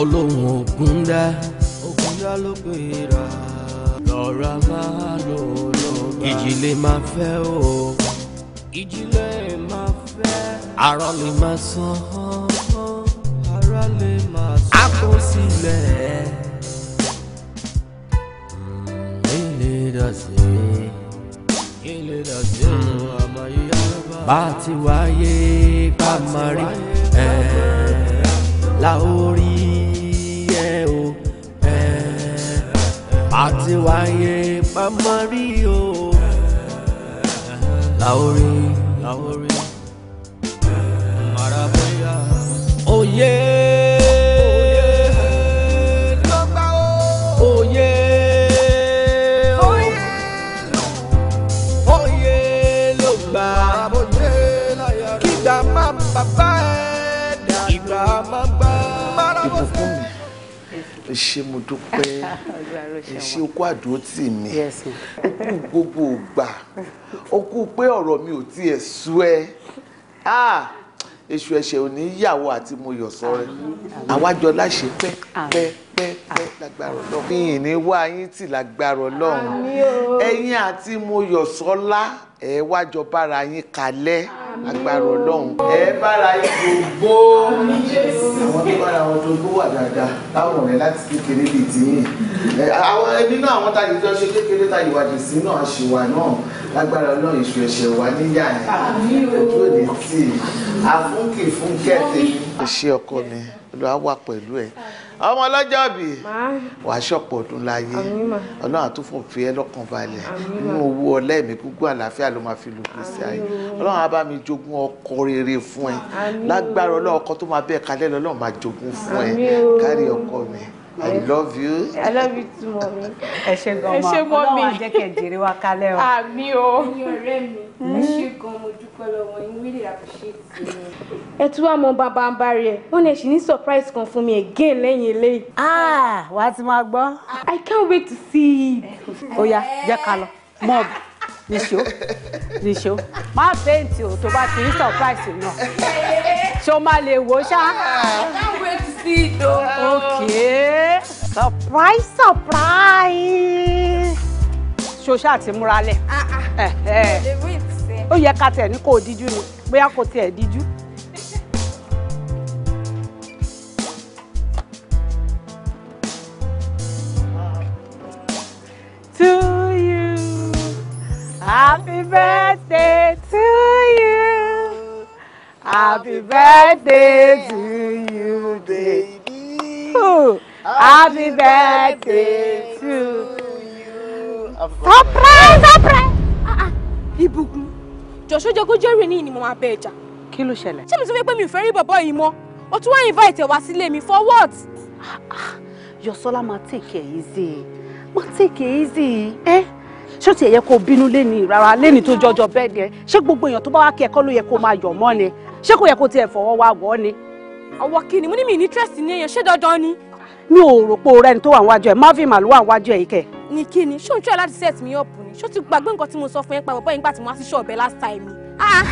olóhùn ògúndá ògúndá ló pè rà lọ́ra máa lò lọ́ra ìjì máa fẹ́ o ìjì lè máa fẹ́ àárọ̀ lè máa sán. sílẹ̀. Hmm, bá a ti wáyé bá a máa rí láórí ẹ̀ o ẹ̀ bá a ti wáyé bá a máa rí o láórí mara bóyá. Oh yeah. ẹ ṣé mo dúpẹ́ ẹ okú àdúró tì mí okú gbogbo ògbà okú pé ọ̀rọ̀ mi ò tiẹ̀ sú ẹ èṣù ẹ̀ṣẹ̀ ò ní yàwó àti mo yọ̀ sọ́rẹ́ àwájọ láṣẹ pẹ́ pẹ́ pẹ́ pẹ́ lágbára ọlọ́run fi hìn ní wá yín tì lágbára ọlọ́run ẹ̀yin àti mo yọ̀ sọ́lá ẹ̀ wájọ bára yín kalẹ̀ agbára ọlọ́run ẹ bára ìdògbò àwọn tó bára àwọn tó gbó wà dáadáa táwọn ọ̀rẹ́ láti kékeré bíi tìyìn àwọn nínú àwọn táyì tó ṣe kékeré táyì wájú sí náà ṣìwà náà lágbára ọlọ́run ìṣù ẹ̀ṣẹ̀ wà níyà yẹn ojú òde tì í àfúnkì fúnkẹ́ tèmi. ṣé ọkọ mi ló wá wà pẹ̀lú ẹ ọmọ ọlọ́jọ́ bì wàá ṣọ̀pọ̀ ọdún láyé ọlọ́run àtúfò fi ẹ́ lọ́kàn balẹ̀ nínú owó ọlẹ́mìí gbogbo àlàáfíà ló máa fi lò pèsè ayé ọlọ́run á bá mi jogún ọkọ rere fún ẹ lágbára ọlọ́run ọkọ tó máa bẹ́ẹ̀ kalẹ́ lọ́lọ́run máa jogún fún ẹ kárí ọkọ mi. I love you. I love you too, mommy. Ẹ ṣé gan ma. Ẹ ṣé mọ́ mi. Ọlọ́run àjẹ́ kẹ̀ jèrè wa kalẹ̀ o. Àmì o. Ẹ̀yin ọ̀rẹ́ mi, ẹ hmm? ṣé gan mo dúpẹ́ lọ́wọ́ yín, really appreciate you. Ẹ tún wá mọ bàbá ń bá rí ẹ, ó ní ẹ ṣì ní surprise kan fún mi again lẹ́yìn eléyìí. Ah, wàá ti máa gbọ́. I can't wait to see it. Ó yá, jẹ́ ká lọ, mọ́ọ̀bù nìṣó nìṣó má fẹ́ǹtì o tó bá ti rí surprise náà ṣó má lè wò ṣá. can't wait to see it o. okay surprise surprise ṣó ṣáà ti múra lẹ̀ ah, ah. ó yẹ ká tẹ̀ ní kò díjú ni bóyá kò tiẹ̀ díjú. Happy birthday to you. Happy birthday to you, baby. Ooh. Happy birthday to you. Surprise, surprise. Ah ah. Ìbùkún. Jọ̀ṣọ́ jẹ́ kó jẹ́rìí ni mama máa Kilo shela. Kí ló ṣẹlẹ̀? Ṣé mi sọ pé mi ò fẹ́ invite ẹ̀ wá sílé for what? Ah, ah. Yọ̀sọ́lá ma take it easy. Ma take it easy. Eh? ṣé ti yẹ kó bínú lẹ́ni rárá lẹ́ni tó jọjọ bẹ́ẹ̀ ni ẹ ṣé gbogbo èèyàn tó bá wá kí ẹ kọ́ ló yẹ kó máa yọ̀ mọ́ ni ṣé kò yẹ kó tiẹ̀ fọwọ́ wá wọ́ ni. ọwọ́ kí ni mo ní mi ní tírẹ̀sì ní èèyàn ṣé dandan ni. mi ò rò pé orẹ́ni tó wà níwájú ẹ marvin màlúù wà níwájú ẹ yìí kẹ. ni kí ni ṣé o ń try láti set me up ni ṣé ti gbàgbé nǹkan tí mo sọ fún ẹ pa bọ́ọ̀ yín gbà tí mo wá sí ṣọ́ọ̀bẹ last time ni. Ah!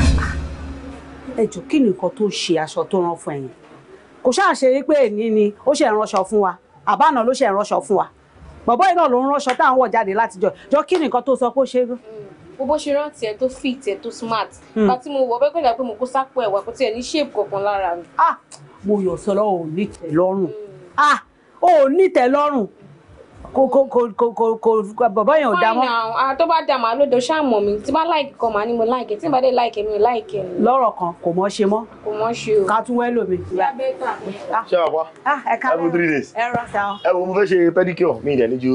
ẹ jù kí nìkan tó ṣe aṣọ tó rán fún ẹ̀yin kò ṣáà ṣe wípé èmi ni ó ṣe ìránṣọ fún wa àbáàná ló ṣe ìránṣọ fún wa bọ̀bọ́ yìí náà ló ń ránṣọ tá à ń wọ̀ jáde látijọ́ jọ kí ni nǹkan tó sọ pé ó ṣe é bó bó ṣe rántí ẹ tó fit ẹ tó smart hmm. bá tí mo wọ bẹ́ẹ̀ pẹ̀lú pé mo kó sápò ẹ̀wà kó tiẹ̀ ní shape kankan lára mi. ah mo yọ̀ sọ́lọ́ ò ní tẹ̀ lọ́rùn hmm. ah ò ní tẹ̀ lọ́rùn kò kò kò kò kò kò bọ̀bọ̀ yẹn ò dá mọ́. fine now ah, tó bá dà màá lódo ṣáàmù mi tí bá láìkì kan màá ní mo láìkì tí bá dé láìkì mi ò láìkì mi. lọ́rọ̀ kan kò mọ́ ṣe mọ́. kò mọ́ ṣe o. ká tún wẹ́ lómi. Ah. ṣé àpá ah, ẹ ká lọ ẹ rọ sa ọ. ẹ wo mo fẹ́ ṣe pedicure mi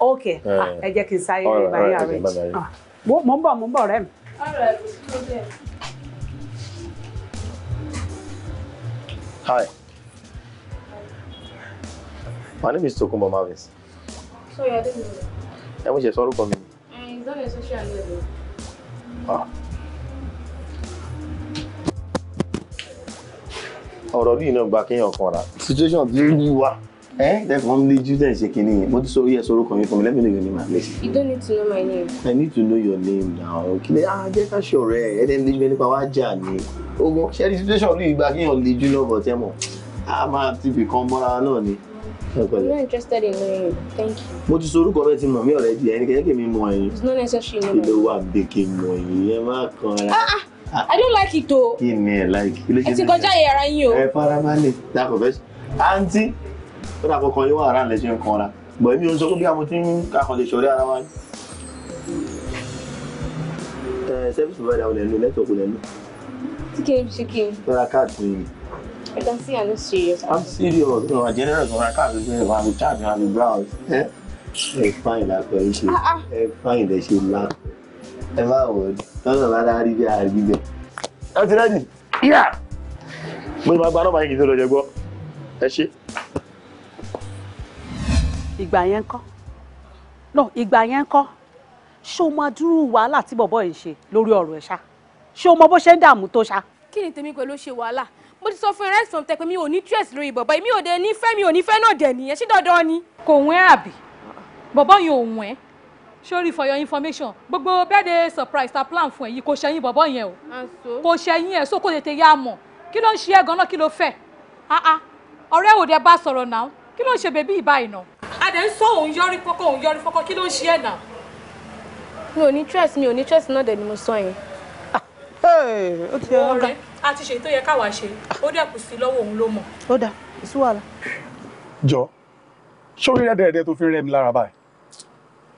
ok eh. ẹ jẹ́ kí n sáré ní báyà rẹ̀ mo ń bọ̀ mo My name is Tokumbo Marvins. Sorry, I didn't know that. Ẹ mú ṣe sọ orúkọ mi. It's eh, not a social media. Ah. Already rí iná back in your corner. Situation ti rí wa. Ẹ dẹ́kun mi léjú dẹ̀ ṣe kínní yẹn. Mo ti sọ orí coming orúkọ mi Let me know your name at You don't need to know my name. I need to know your name now. Kí ni ah jẹ́ ká ṣọ̀rẹ́ ẹ̀ ẹ̀ dẹ́n léjú bẹ́ẹ̀ nípa wá jà ni. Ogun ṣẹ́ni situation rí ìgbà kéèyàn léjú lọ́bọ̀ tẹ́mọ̀. A máa ti fi kan mọ́ra náà ni. I'm not interested in you. Thank you. Mo ti sorúkọ bẹ́ẹ̀ ti mọ̀ mí ọ̀rẹ́ ìdílé ẹni kẹ́kẹ́ mi mọ̀ ẹ̀yìn. It's not necessary you Kí n mọ̀ ẹ̀yìn ẹ má kan ara. Ah, ah, I don't like it o. Kí ni ẹ like? Ẹ ti kọjá ìyá ara yín o. Ẹ fara máa lè dákọ̀ bẹ́ẹ̀. Àǹtí, ó dàpọ̀ kan yóò wà ara lẹ́sẹ̀ ń kanra. Bọ̀ èmi ò ń sọ pé bí àwọn tí ń kakàn lè ṣọ̀rẹ́ ara wa ni. Ẹ sẹ́fíìsì bàdà olè ń lo lẹ́tọ̀ọ̀kù lẹ́nu. Tí kì í ṣe kí n. Fẹ́ra káàdì I can see I'm serious. I'm serious. You know, I'm generous when I can't be brave. I'm charging, I'm brown. Eh? Ẹ fáyìn lápẹ̀ ń ṣe, ah, ah. ẹ fáyìn lẹ ṣe lá. Ẹ má wọ̀ lọ́nà bá dá rí bí àrí bẹ̀. Ẹ ti rẹ́dì. Mo ti máa gba nọ́mbà yín kì í tó lọ jẹ gbọ́. Ẹ ṣé. Ìgbà yẹn kọ́. No, ìgbà yẹn kọ́. Ṣé o máa dúró wàhálà tí bọ̀bọ̀ yìí ṣe lórí ọ̀rọ̀ ẹ̀ ṣá? Ṣé o mọ bó ṣe ń dààmú tó ṣá? Kí ni tèmi pẹ̀lú ṣe wàhálà? mo ti sọ fún ẹrẹ́ ìsàn tẹ pé mi ò ní stress lórí bọ̀bọ̀ èmi ò dé nífẹ̀ẹ́ mi ò nífẹ̀ẹ́ náà dẹ̀ nìyẹn ṣé dandan ni. kò wọ́n ẹ́ àbí bọ̀bọ̀ yẹn ò wọ́n ẹ́ for your information gbogbo birthday surprise ta plan fún ẹ yìí kò ṣẹyìn bọ̀bọ̀ yẹn o kò ṣẹyìn ẹ so kò tètè yá a mọ̀ kí ló ń ṣe ẹ gan-an kí ló fẹ́ ah, ah. ọ̀rẹ́ ò dẹ bá sọ̀rọ̀ náà kí ló ń ṣe bèbí ìbá ìnà. adẹ ń sọ òun yọrí fọkọ òun yọrí fọkọ kí ló ń ṣe ẹ náà. mi ò ní stress mi ò ní stress náà dẹ̀ ni mo sọ yẹn ó ti ọ̀rọ̀ ga. a ti ṣètò yẹ káwa ṣe ó dẹ̀ kù sí lọ́wọ́ òun ló mọ̀. ó dà sí wàhálà. jọ sórí rẹ́dẹ̀rẹ́dẹ́ tó fi ń rẹ́ mi lára báyìí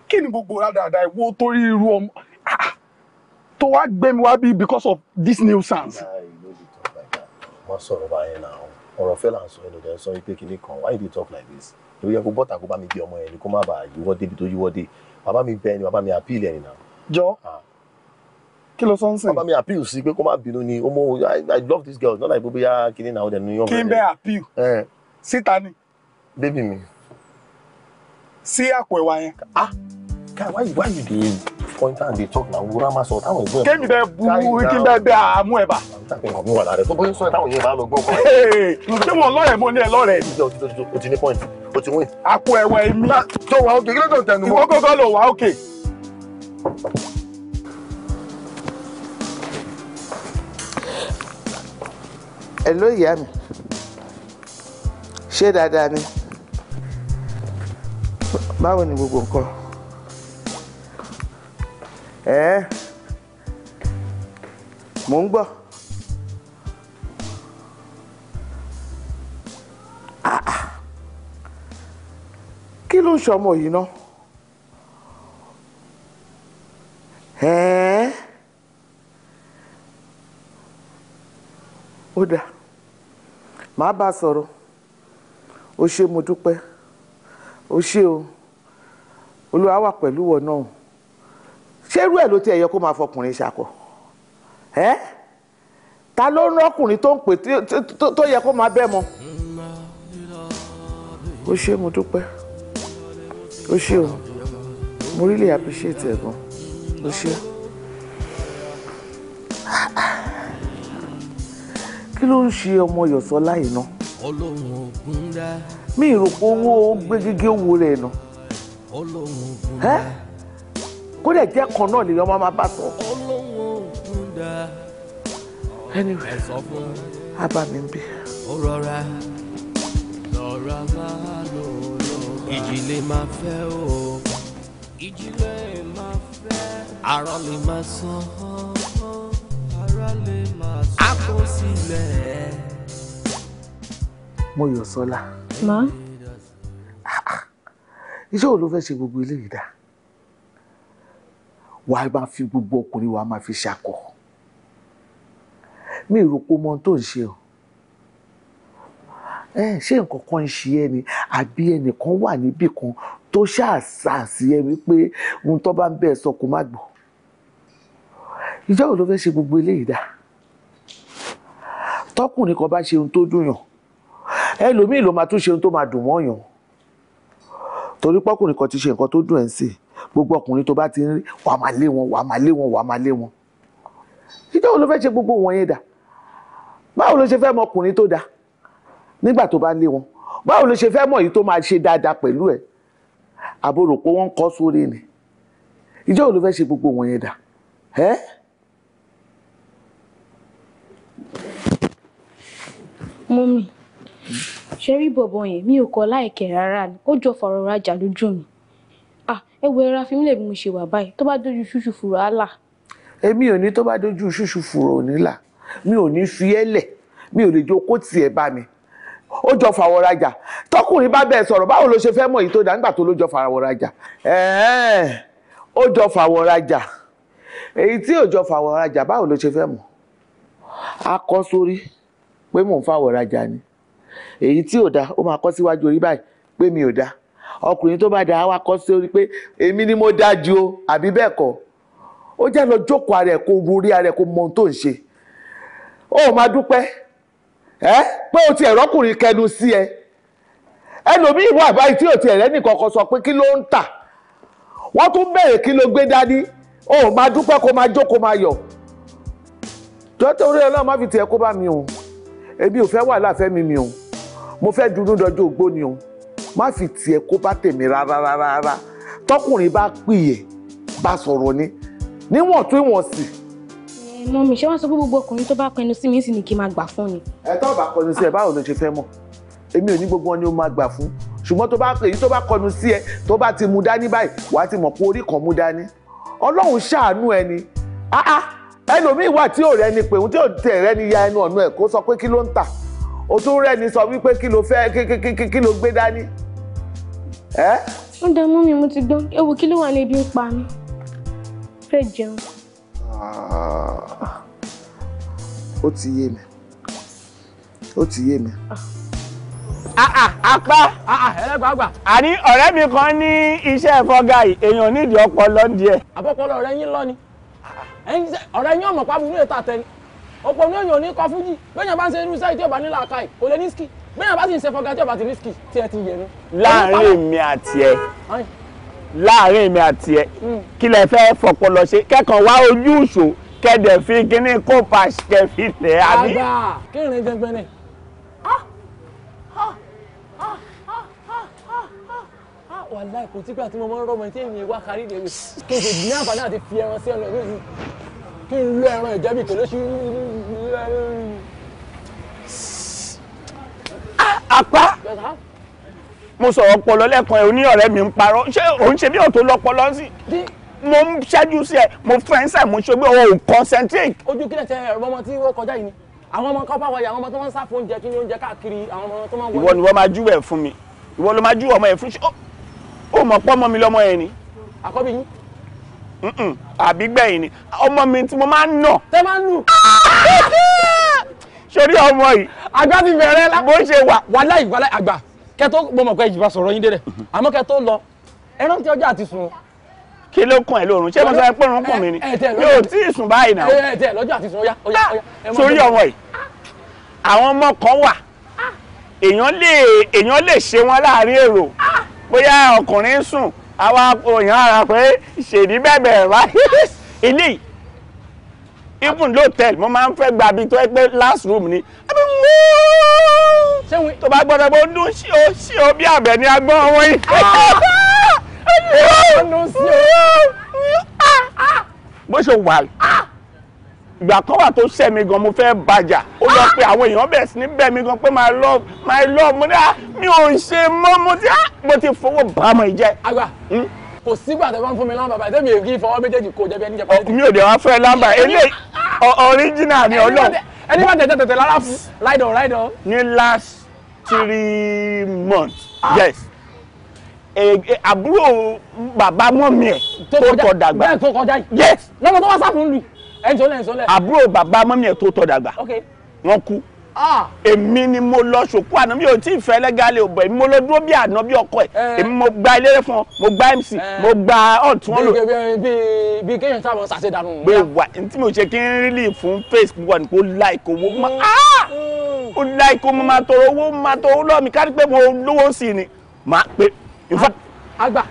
kí ni gbogbo rádàdà ìwo torí irú ọmọ ah, tó wá gbé mi wá bí because of this nuisance. wọ́n sọ̀rọ̀ báyẹn náà ọ̀rọ̀ fẹ́ là ń sọ ẹnu dẹ̀ ń sọ wípé kìnnì kan why you dey talk like this ìwé yẹ kó bọ́tà kó bá mi bí ọmọ yẹn ni kó má bàa yíwọ́ débi tó yíwọ́ dé bàbá mi bẹ́ẹ̀ ni bàbá mi àpíìlì ẹ̀ nìyà. jọ ah kí ló sọ ń sìn. ọba mi appeal sí pé kó má bínú ni ọmọ i love this girl not like gbogbo ya kini na ọdẹ ni yọmọ. kí n bẹ appeal síta ni. baby mi. sí àpò ẹ̀wà yẹn. ah guy why you why you dey point and dey talk na wura ma sọ táwọn ẹgbẹ́. kémi bẹ bu kí n bẹ bẹ àmú ẹ bá. ìtàkùn ọ̀gbìn wà lára ẹ̀ tó bóyá sọ ẹ̀ táwọn yẹn bá lọ gbọ́ kọ́ ẹ̀. ṣé wọn lọ́rẹ̀ mo ní ẹ lọ́rẹ̀ ni. o ti ní point o ti win. àpò ẹ̀wà èmi. Ah, tó wà ókè kí ló tó tẹnu mọ́. ìwọ́gógó ló wà ókè. ẹ ló ìyá mi ṣé dáadáa ni báwo ni gbogbo nǹkan ẹ mò ń gbọ́ ah, ah. kí ló ń ṣọmọ yìí ná ẹ ó dáa màá bá sọ̀rọ̀ o ṣé mo dúpẹ́ o ṣé o olúwa wà pẹ̀lú wọ náà ṣé irú ẹ̀ ló ti ẹ̀yọ kó máa fọkùnrin ṣàkọ ẹ́ ta ló ń rọ́kùnrin tó ń pè tó yẹ kó máa bẹ́ mọ́ o ṣé mo dúpẹ́ o ṣé o mo really appreciate ẹ̀ gan o ṣé. kí ló ń ṣe ọmọ Yọ̀sọ́lá yìí ná mi ìrò pé owó gbégégé owó rẹ̀ nà ẹ́ kó dẹ̀ jẹ́ kan náà lèyàn máa bá sọ. anyway abá mi ìjì lè máa fẹ́ o ìjì lè máa fẹ́ àrọ́ lè máa sàn án ara lè àkọsílẹ̀. Mọ́yọ̀sọ́lá. Má. Ah, ah. Iṣẹ́ wo ló fẹ́ ṣe gbogbo eléyìí dá? Wàá máa fi gbogbo ọkùnrin wàá máa fi ṣakọ. Mi ò rò pé ọmọ tó ń ṣe o ṣé nǹkan kan ń ṣe ẹ ni àbí ẹnìkan wà níbì kan tó ṣàṣàṣì ẹ wípé ohun tó bá ń bẹ́ẹ̀ sọ kó má gbọ́ ìjọ́ ló fẹ́ ṣe gbogbo eléyìí dáa tọkùnrin kan bá ṣe ohun tó dùn yàn ẹlòmíì ló máa tún ṣe ohun tó máa dùn mọ́ yàn torí pọkùnrin kan ti ṣe nǹkan tó dùn ẹ̀ ń sè gbogbo ọkùnrin tó bá ti ń rí wà á máa lé wọn wà á máa lé wọn wà á máa lé wọn ìjọ wo ló fẹ́ ṣe gbogbo wọn yẹn dà báwo ló ṣe fẹ́ mọ ọkùnrin tó dáa nígbà tó bá lé wọn báwo ló ṣe fẹ́ mọ èyí tó máa ṣe dáadáa pẹ̀lú ẹ̀ àbòrò pé wọ́n kọ́ sórí ni ìjọ wo ló fẹ́ ṣe gbogbo wọn yẹn dà ẹ́ eh? mọ́mì ṣe rí bọ̀bọ̀ yẹn mi ò kọ́ láìkẹ́ rárá ni ó jọ fọ̀rọ̀ rajà lójú mi ẹ wo ẹra fímílẹ̀ bí mo ṣe wà báyìí tó bá dojú ṣúṣù fùrọ̀ á là. èmi ò ní tó bá dojú ṣúṣù fùrọ̀ ò ní là mi ò ní fi ẹ́ lẹ̀ mi ò lè jó kó tiẹ̀ bá mi ó jọ fàwọ̀ rajà tọkùnrin bá bẹ̀ sọ̀rọ̀ báwo ló ṣe fẹ́ mọ̀ èyí tó dá nígbà tó ló jọ fàwọ̀ rajà ó jọ fàwọ̀ rajà èyí tí ò jọ fàwọ̀ rajà báwo ló ṣe fẹ́ mọ̀ akọ sórí pé mò ń fàwọ̀ rajà ni èyí tí ò da ó máa kọ́ síwájú orí báyìí pé mi ò da ọkùnrin tó bá dá á wá kọ́ sí orí pé èmi ni mo da ju o àbí bẹ́ẹ̀ kọ́ ó jẹ́ lọ jókòó ara ẹ̀ kó orí mọ tó ń ṣe ó máa dúpẹ́ ẹ́ pé o ti kẹnu sí ẹ ẹlòmíì wà báyìí tí o ti ẹ̀rẹ́ sọ pé kí ló ń tà wọ́n tún bẹ̀rẹ̀ kí ló gbé dání ó máa dúpẹ́ kó máa jókòó máa yọ̀ èmi ò fẹ́ wà láfẹ́ mi mi o mo fẹ́ dunú dọjọ́ ogbó ni o má fi tiẹ̀ kó bá tèmi rárá rárá rárá tọkùnrin bá pìyẹ bá sọ̀rọ̀ ni níwọ̀n tún ìwọ̀n sì. mọ mi ṣé wọn sọ pé gbogbo ọkùnrin tó bá pẹnu sí mi sì ni kí n máa gbà fún ni. ẹ tó bá kọnu sí ẹ báwo ló ṣe fẹ́ mọ̀ èmi ò ní gbogbo wọn ni ó máa gbà fún ṣùgbọ́n tó bá èyí tó bá kọnu sí ẹ tó bá ti mú dání báyìí wàá ti mọ̀ pé orí kan mú dání ọlọ́run ṣàánú ẹni áá ẹlòmíì wà tí ò rẹni pé òun tí ò tẹ̀ rẹni ya ẹnu ọ̀nà ẹ̀ kó sọ pé kí ló ń tà ó tún rẹni sọ wípé kí ló fẹ́ kí ló gbé dání. ẹ. ń dá mú mi mo ti gbọ́n ewu kí ló wà ní ibi ń pa mi fẹ́ jẹun. Ah. ó ti yé mi ó ti yé mi. Ah. Ah, apá ẹlẹ́gbàgbà. àní ọ̀rẹ́ mi kan ní iṣẹ́ fọ́gà èèyàn nídìí ọpọlọ ń di ẹ̀. àpọ̀pọ̀lọ ọ̀rẹ́ yín lọ ni ọ̀rẹ́ yín ọ̀mọ̀ pàbùrú ètò àtẹni ọ̀pọ̀ ní òyìn òní kọ́ fújì bẹ́ẹ̀ bá ń ṣe irú iṣẹ́ tí ọba nílà aka ẹ̀ kò lè ní ski bẹ́ẹ̀ bá sì ń ṣe fọ́gá tí ọba ti ní ski tí ẹ ti yẹ nu. láàárín èmi àti ẹ láàárín èmi àti ẹ kí lẹ fẹ́ fọpọlọ ṣe kẹ́kàn wá ojú ìṣó kẹ́dẹ̀ fi kíní kópa kẹfì tẹ̀ àbí. àgbà kí wà láì kò tígbà tí mo máa ń rọmọ tí èmi wá kárí lè wò kí n sì ní àǹfààní àti fi ẹran sí ọ̀nà lórí kí n lo ẹran ìjẹ́bi kò lóṣù. apá mo sọ̀rọ̀ ọpọlọ lẹ́ẹ̀kan ẹ̀ oní ọ̀rẹ́ mi ń parọ́ ṣé òun ṣe bí ọ̀tọ̀ lọ́pọlọ sí mo ń ṣẹ́jú sí ẹ mo fẹ́ǹsà mo ṣe pé o concentrate. ojú kílẹ̀ tẹ ẹ̀rọ ọmọ tí wọ́n kọjá yìí ni àwọn ọmọ kọ́pá wọ̀nyí àwọn ọmọ tó máa ń sáfò oúnjẹ kí ni oúnjẹ káàkiri àwọn ọmọ tó máa ń wọlé. ìwọ ni wọ́n máa júwèé fún mi ìwọ ló máa júwèé ọmọ yẹn fún ṣe ó mọ̀ pọ́ ọmọ mi lọ́mọ yẹn ni àkọ́bí yín àbí gbẹ̀yìn ni ọmọ mi tí mo máa ń nà. tẹ máa ń nù. sórí ọmọ yìí. àgbà ti bẹ̀rẹ̀ la. bó ṣe wà. wàláì wàláì àgbà kẹtó mo mọ̀ pé ìjìbá sọ̀rọ̀ yín délẹ̀ mm-hmm. àmọ́ kẹtó lọ ẹ rántí ọjọ́ àti sùn kí ló kàn ẹ lóorun ṣé mo sọ pé òun kàn mí ni yóò tí ì sùn báyìí náà. ẹ ẹ lọ́jọ́ àti sùn ọ̀yá ọ̀yá ọ̀yá. sórí ọmọ yìí àwọn ọmọ kan wà ah! èèyàn lè èèyàn lè ṣe wọn láàrin èrò ah! bóyá ọkùnrin ń sùn àwa òyìn ara pé ṣèdí bẹ̀bẹ̀ wá ilé even lóòtẹ́ẹ̀lì mo máa ń fẹ́ gba ibi tó ẹ pé last room ni ẹbí mú tó bá gbọ́dọ̀ bó dún sí o sí o bí àbẹ̀ ni agbọ́n wọn yìí. Ah! bó ṣe wà ah! ìgbà kan wà tó ṣẹ́ mi gan mo fẹ́ bàjà ó lọ ah! pé àwọn èèyàn bẹ̀rẹ̀ sí ní bẹ̀ mi gan pé my love my love mo ní à ah, mi ò ṣe mọ́ mo ti à ah! mo ti fowó bàmọ̀ ìjẹ́. àgbà hmm? kò sígbà tó bá ń fún mi lámbà báyìí tẹ́mi èkì ìfọwọ́ méjèèjì kò jẹ́ bí ẹni jẹ́ pàdé. mi ò dé wá fẹ́ lámbà eléyìí original ni ọlọ́run. ẹni bá tẹ̀tẹ̀ tẹ̀tẹ̀ lára fún ráìdọ̀ ráìdọ̀. ní last three months yes e, e, àbúrò bàbá mọ́ mi ẹ̀ tó kọjá bẹ́ẹ̀ tó kọjá yìí yes lọ́nà tó wá sáfún lù àbúrò bàbá mọ́mí ẹ̀ tó tọ́ dàgbà wọ́n kú ah. èmi ni mo lọ ṣòkú àná mi ò tí ì fẹ́ lẹ́gàlẹ̀ òbọ̀ èmi mo lọ dúró bí àná bí ọkọ ẹ̀ eh. èmi mo gba eléré fún ọ mo gba mc eh. mo gba ọ̀tún ọ̀lò. bí bí kéèyàn sábà ṣàṣẹ dànù. pé wà tí mo ṣe kí n rí lì fún facebook wà ní kó láìkó owó mọ mm. ah! mm. ó láìkó mo máa tọrọ owó máa tọrọ owó lọ́ọ̀mí kárí pé mo lówó sí ni máa pé. àgbà àgbà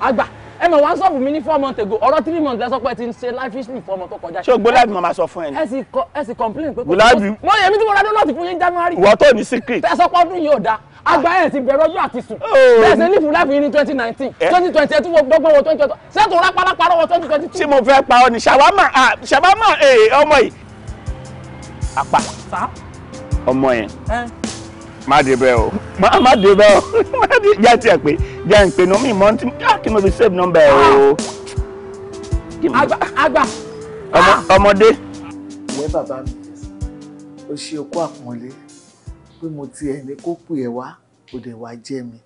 àgbà ẹ mọ̀ wá sọ́ọ̀bù mi ní four months ago ọ̀rọ̀ three months lẹ́sọ̀ pé ti ń ṣe life history fún ọmọ tó kọjá. ṣé o gbólàbí màmá sọ fún ẹ ni. ẹ sì kọ ẹ sì complain pé kò tó mo yẹ mi tí mo ra donut fún yín january. ìwọ tó ní secret. tẹsọpọ ọdún yìí ò da àgbà ẹ ti bẹ̀rẹ̀ ọjọ́ àti sùn. Oh. bẹ́ẹ̀ ṣe nífun láìpẹ́ yìí ní twenty nineteen twenty eh. twenty ẹ tún wọ gbọ́gbọ́n wọ twenty twenty ṣé tó rápálápárọ̀ wọ twenty twenty two. tí mo fẹ́ pa ọ ni ṣàwámà ṣàwámà eh, ọmọ yẹn eh. má débẹ̀ o má débẹ̀ o má tiẹ̀ pé jẹ́ ń pè nọ́mí ìmọ̀ tí ah, kí mo fi save number ẹ̀ o. àgbà. Ah. ọmọdé. ìwé bàbá mi ò ṣe okó àpọ́nlé pé mo ti ẹni kó pè ẹ́ wá kó dẹ̀ wá jẹ́ mi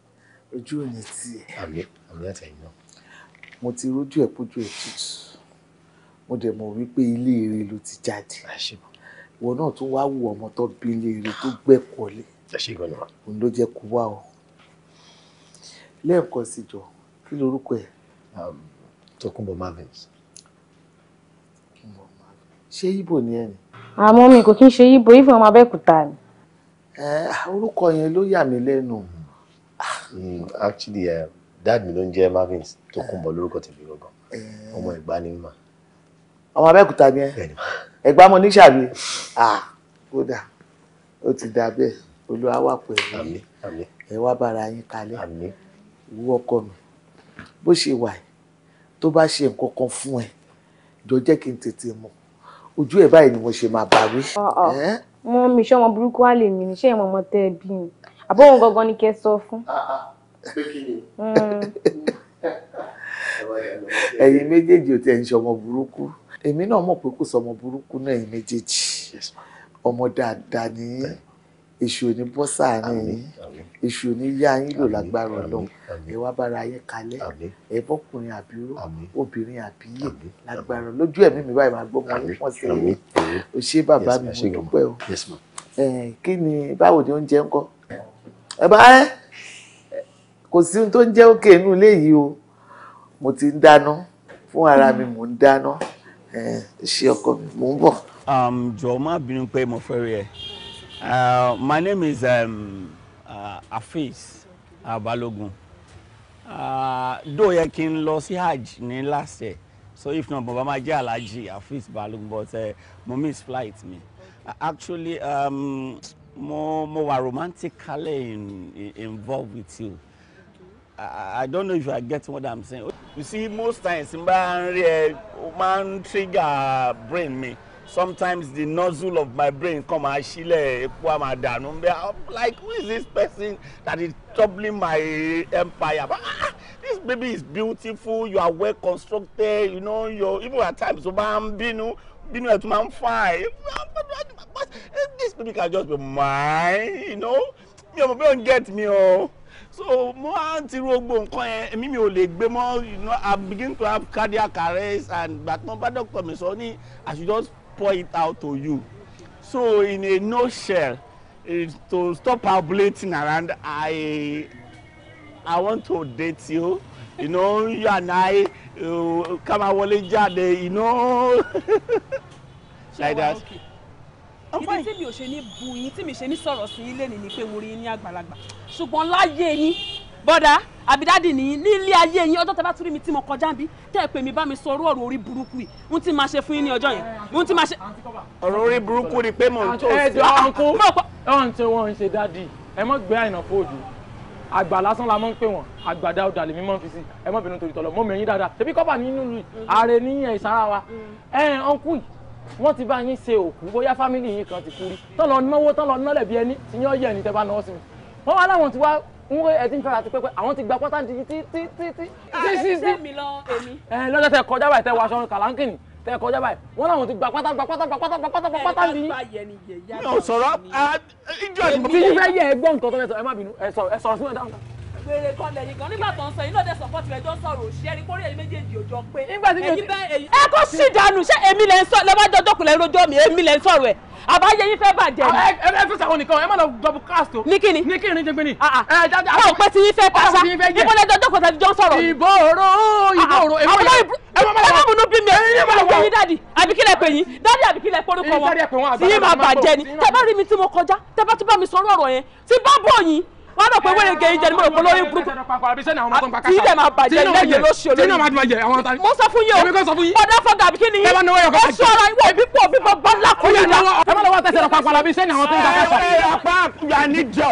ojú ò ní tiẹ̀. àmì àmì àtẹ̀yìn náà. mo ti rójú ẹ̀ pójú ẹ̀ tútù mo dẹ̀ mọ̀ wípé ilé ire ló ti jáde ìwọ náà tún wá wù ọmọ tó bí ilé ire tó gbẹ́kọ̀ọ́lé òun ló jẹ́ kó wá o lẹ́ẹ̀kan sí jọ kí lorúkọ ẹ̀. Um, Tòkunbọ̀ Marvins. ṣé ibo ni ẹ ni. àmọ́ mi kò kí ń ṣe ibo ìfẹ́ ọmọ abẹ́òkúta ni. orúkọ yẹn ló yà mí lẹ́nu. Mm-hmm. Mm, actually dad mi ló ń jẹ́ Marvins Tòkunbọ̀ lórúkọ tèmi gbọ̀ngàn ọmọ Ẹ̀gbá ni mà. ọmọ abẹ́òkúta ni ẹ Ẹ̀gbá mo ní sàbí kódà ó ti dà bẹ́ẹ̀ Olúwa wà pẹ̀lú ẹ wá bára yín kalẹ̀ wo ọkọ mi bó ṣe wà yìí tó bá ṣe nǹkan kan fún ẹ jọ jẹ́ kí n tètè mọ̀ ojú ẹ̀ báyìí ni mo ṣe máa bà wí. mo mi ṣé ọmọ burúkú wà lè mi ni ṣé ìmọ̀ ọmọ tẹ́ ẹ bí mi àbọ̀wọ̀n gangan ni kẹ́ ẹ sọ fún. Ah, ah. Hmm. ẹ̀yin méjèèjì ò tiẹ̀ ń ṣe ọmọ burúkú èmi náà mọ̀ pé kò sọ ọmọ burúkú náà ẹ̀yin méjèèjì ọmọ dáadáa nìyẹn èṣù ò ní bọ́ sáàárín yín èṣù ò ní yá yín lò lágbára ọlọ́run ẹ wá bára yín kalẹ̀ ẹ bọ́kùnrin àbíró obìnrin àbíyè lágbára lójú ẹ̀mí mi báyìí máa gbọ́ mọ́ ní pọ́n sí ẹ̀mí o ṣé bàbá mi mo dúpẹ́ o kí ni báwo ni oúnjẹ ń kọ́ ẹ bá ẹ kò sí ohun tó ń jẹ́ òkè inú ilé yìí o mo ti ń dáná fún ara mi mò ń dáná ṣe ọkọ mi mò ń bọ̀. jọ̀ọ́ má bínú pé mo fẹ́ rí ẹ. Uh, my name is um, uh, Afis Abalogun. Uh, though yẹ kí n lọ hajj ní last year so if not but máa jẹ́ alhaji Afis Balogun but uh, mo miss flight me. actually um, more mo romantically in, in, involved with you. I, I don't know if you are getting what I'm saying. You see most times n bá ń rí ẹ trigger brain mi sometimes the nozzle of my brain come máa sílẹ̀ epo á máa dànù ń i'm like who is this person that is troubling my empire but ah this baby is beautiful you are well constructed you know your even at times o máa ń bínú bínú ẹ̀ tún máa ń fine but this baby can just be mine you know mi ò mọ̀ o ń get me, o so mo á ti ru gbogbo nǹkan yẹn èmi mi ò lè gbé mọ́ you know i begin to have cardiac arrest and gbàtàn bá dọ́kítọ̀ mi sọ ní i should just pour it out to you. So in a nutshell, is to stop ablating around. I I want to date you. You know, you and I uh, come awole jade. You know, like that. Okay. tí mi ò ṣe ní bu yín tí mi ṣe ní sọ̀rọ̀ sí yín lẹ́nu ni pé mo rí yín ní àgbàlagbà ṣùgbọ́n láyé yín bọ́dà àbídádì ní nílé ayé yín ọjọ́ tẹ́ bá tún rí mi tí mo kọjá bí tẹ́ ẹ pè mí bá mi sọ orú ọ̀rọ̀ orí burúkú yìí n tí máa ṣe fún yín ní ọjọ́ yẹn n tí máa ṣe. ọ̀rọ̀ orí burúkú ni pé mò ń tó sí. ẹ jọ ọ̀nkú ọ̀hún tí wọ́n ń ṣe dádì ẹ mọ̀ gbé àyìnà fóòdù àgbà lásán la mọ̀ ń pè wọ́n àgbàdá ọ̀dà lèmi mọ̀ ń fi sí ẹ mọ̀ bínú torí tọ̀lọ̀ mọ̀ mẹ́yìn dáadáa ṣebí kọ́pà nínú ìlú ààrẹ ní ìsára wa ẹ ọ̀nkú yìí wọ́n ti bá yín ṣe òkú bóyá fámìlì yín kan ti kú rí tọ́lọ̀ náwó tọ́lọ̀ nọ́lẹ̀ ẹni tí yín ọ̀yẹ́ ẹni tẹ́ bá náwó sí mi wọ́n wá láwọn ti wá n wo ẹ ti ń fẹ́ àti pẹ́pẹ́ àwọn ti gba pátá di tí tí tí tí. ààrẹ ti sẹ́ mi lọ èmi. ẹ lọ́jọ́ tẹ kọjá báyìí tẹ wọ aṣọ kàlánkìnì tẹ kọjá báyìí wọ́n láwọn ti gba pátá gba pátá gba pátá gba pátá gba pátá di. mi ò sọ̀rọ̀ ìjọ àdìmọ́. tí yín fẹ́ yẹ ẹ nǹkan tó lẹ́sọ̀ ẹ má bínú ẹ sọ̀rọ̀ ẹ sọ̀rọ̀ sí wọn dáhùn wèrè kan lẹ́yìn gan nígbà tó ń sọ yìí lóde support rẹ̀ jọ sọ̀rọ̀ òṣìṣẹ́ ẹni kórè ẹni méjèèjì òjọ pé. ẹyin bẹ́ẹ̀ èyí. ẹ kó sì dànù ṣé èmi lẹ ń sọ lọ́wọ́ jọjọ́ kùlẹ̀ mi èmi lẹ ń sọ̀rọ̀ ẹ̀ àbáyé yín fẹ́ bàjẹ́ ni. ẹ ẹ fẹsẹ̀ àwọn nìkan ẹ má lọ double cast ní kíni ní kíni jẹ́ gbẹ́ni. báwo pé tí yín fẹ́ kásá níbo lẹ jọjọ́ kọ̀ọ̀tà ti sọ̀rọ̀. ìbòòrò ìbòòrò èmi ò yẹ. ẹ má múnú bí mi ẹ má pè yín dádì àbí kílẹ̀ pè yín dádì àbí kílẹ̀ porúkọ wọn tí yín máa bàjẹ́ ni tẹ bá rí mi tí mo kọjá tẹ bá tún bá mi sọ̀rọ̀ wọ́n rò pé wẹ́rẹ́ gẹ̀yìn jẹ ni mo rò pé lórí burúkú tí dẹ̀ máa bàjẹ́ lẹ́yìn lóṣù olórí mo sọ fún yín o ọ̀dà fọ́gà àbí kí ni yín ó sọ̀rọ̀ ìwọ òbí pọ̀ òbí pọ̀ bọ́lá kò ní ìdá. ẹ má lọ wá tẹsẹ̀ lọ́pàá pàlà bí sẹ́ni àwọn tó ń kàkà sọ. ẹ ẹ pa ya ní jọ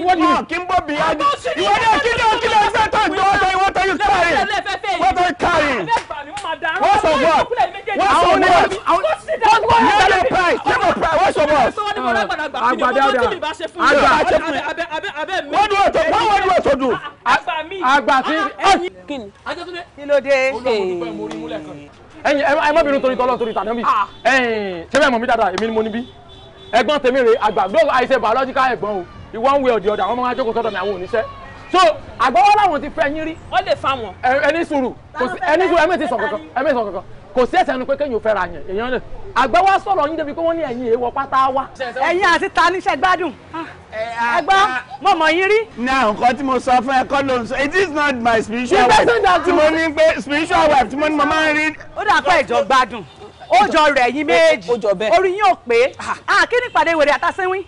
ìwọ kí n bọ bí ya ní ìwọ ní kí ni kí ni ẹgbẹ́ tó ń jọ ọ̀tọ̀ ìwọ tó yìí kárì wọ́n tó kárì wọ́n sọ bọ̀ wọ́n sọ bọ̀ yẹ́lẹ̀ price yẹ́lẹ̀ price wọ́n sọ bọ̀. àgbàdo àgbà àgbà àṣẹ fún mi wọ́n dúró tó wọ́n wọ́n dúró tó dùn. àgbà tí. Ah, ah, kí ló dé. ẹ̀yin ẹ má bínú torí tọ́lọ́ torí tànábì ah. ẹ̀yin ṣé bẹ́ẹ̀ mọ̀ mí dáadáa èmi ni mo ní bí tèmi rè àgbà gbọ́dọ̀ àìsè biological ẹ̀gbọ́n o ìwọ ń wé ọ̀dì ọ̀dà àwọn ọmọ ajókòó sọ́dọ̀ mi àwọn oníṣẹ́ so àgbọ̀wọ́ làwọn ti fẹ́ yín rí. ó lè fa wọn. ẹni sùúrù ẹni sùúrù ẹmí kò sí ẹsẹ̀ ẹnu pé kéèyàn fẹ́ra yẹn èèyàn lè àgbà wa sọ̀rọ̀ yín débi pé wọ́n ní ẹ̀yìn èèwọ̀ pátá wa. ẹ̀yin àti ta ní sẹ́gbádùn ah, ah, eh, ẹgbọ́n ah, mo mọ̀ yín rí. na nǹkan tí mo sọ fún ẹ kọ́ ló ń sọ it is not my spiritual wife tí mo ní pé spiritual wife tí mo ní mo máa ń rí. ó dà pé ìjọ gbádùn ó jọ rẹ̀ yín méjì orí yín ò pé kí ni ìpàdé wèrè àtàsẹ́wín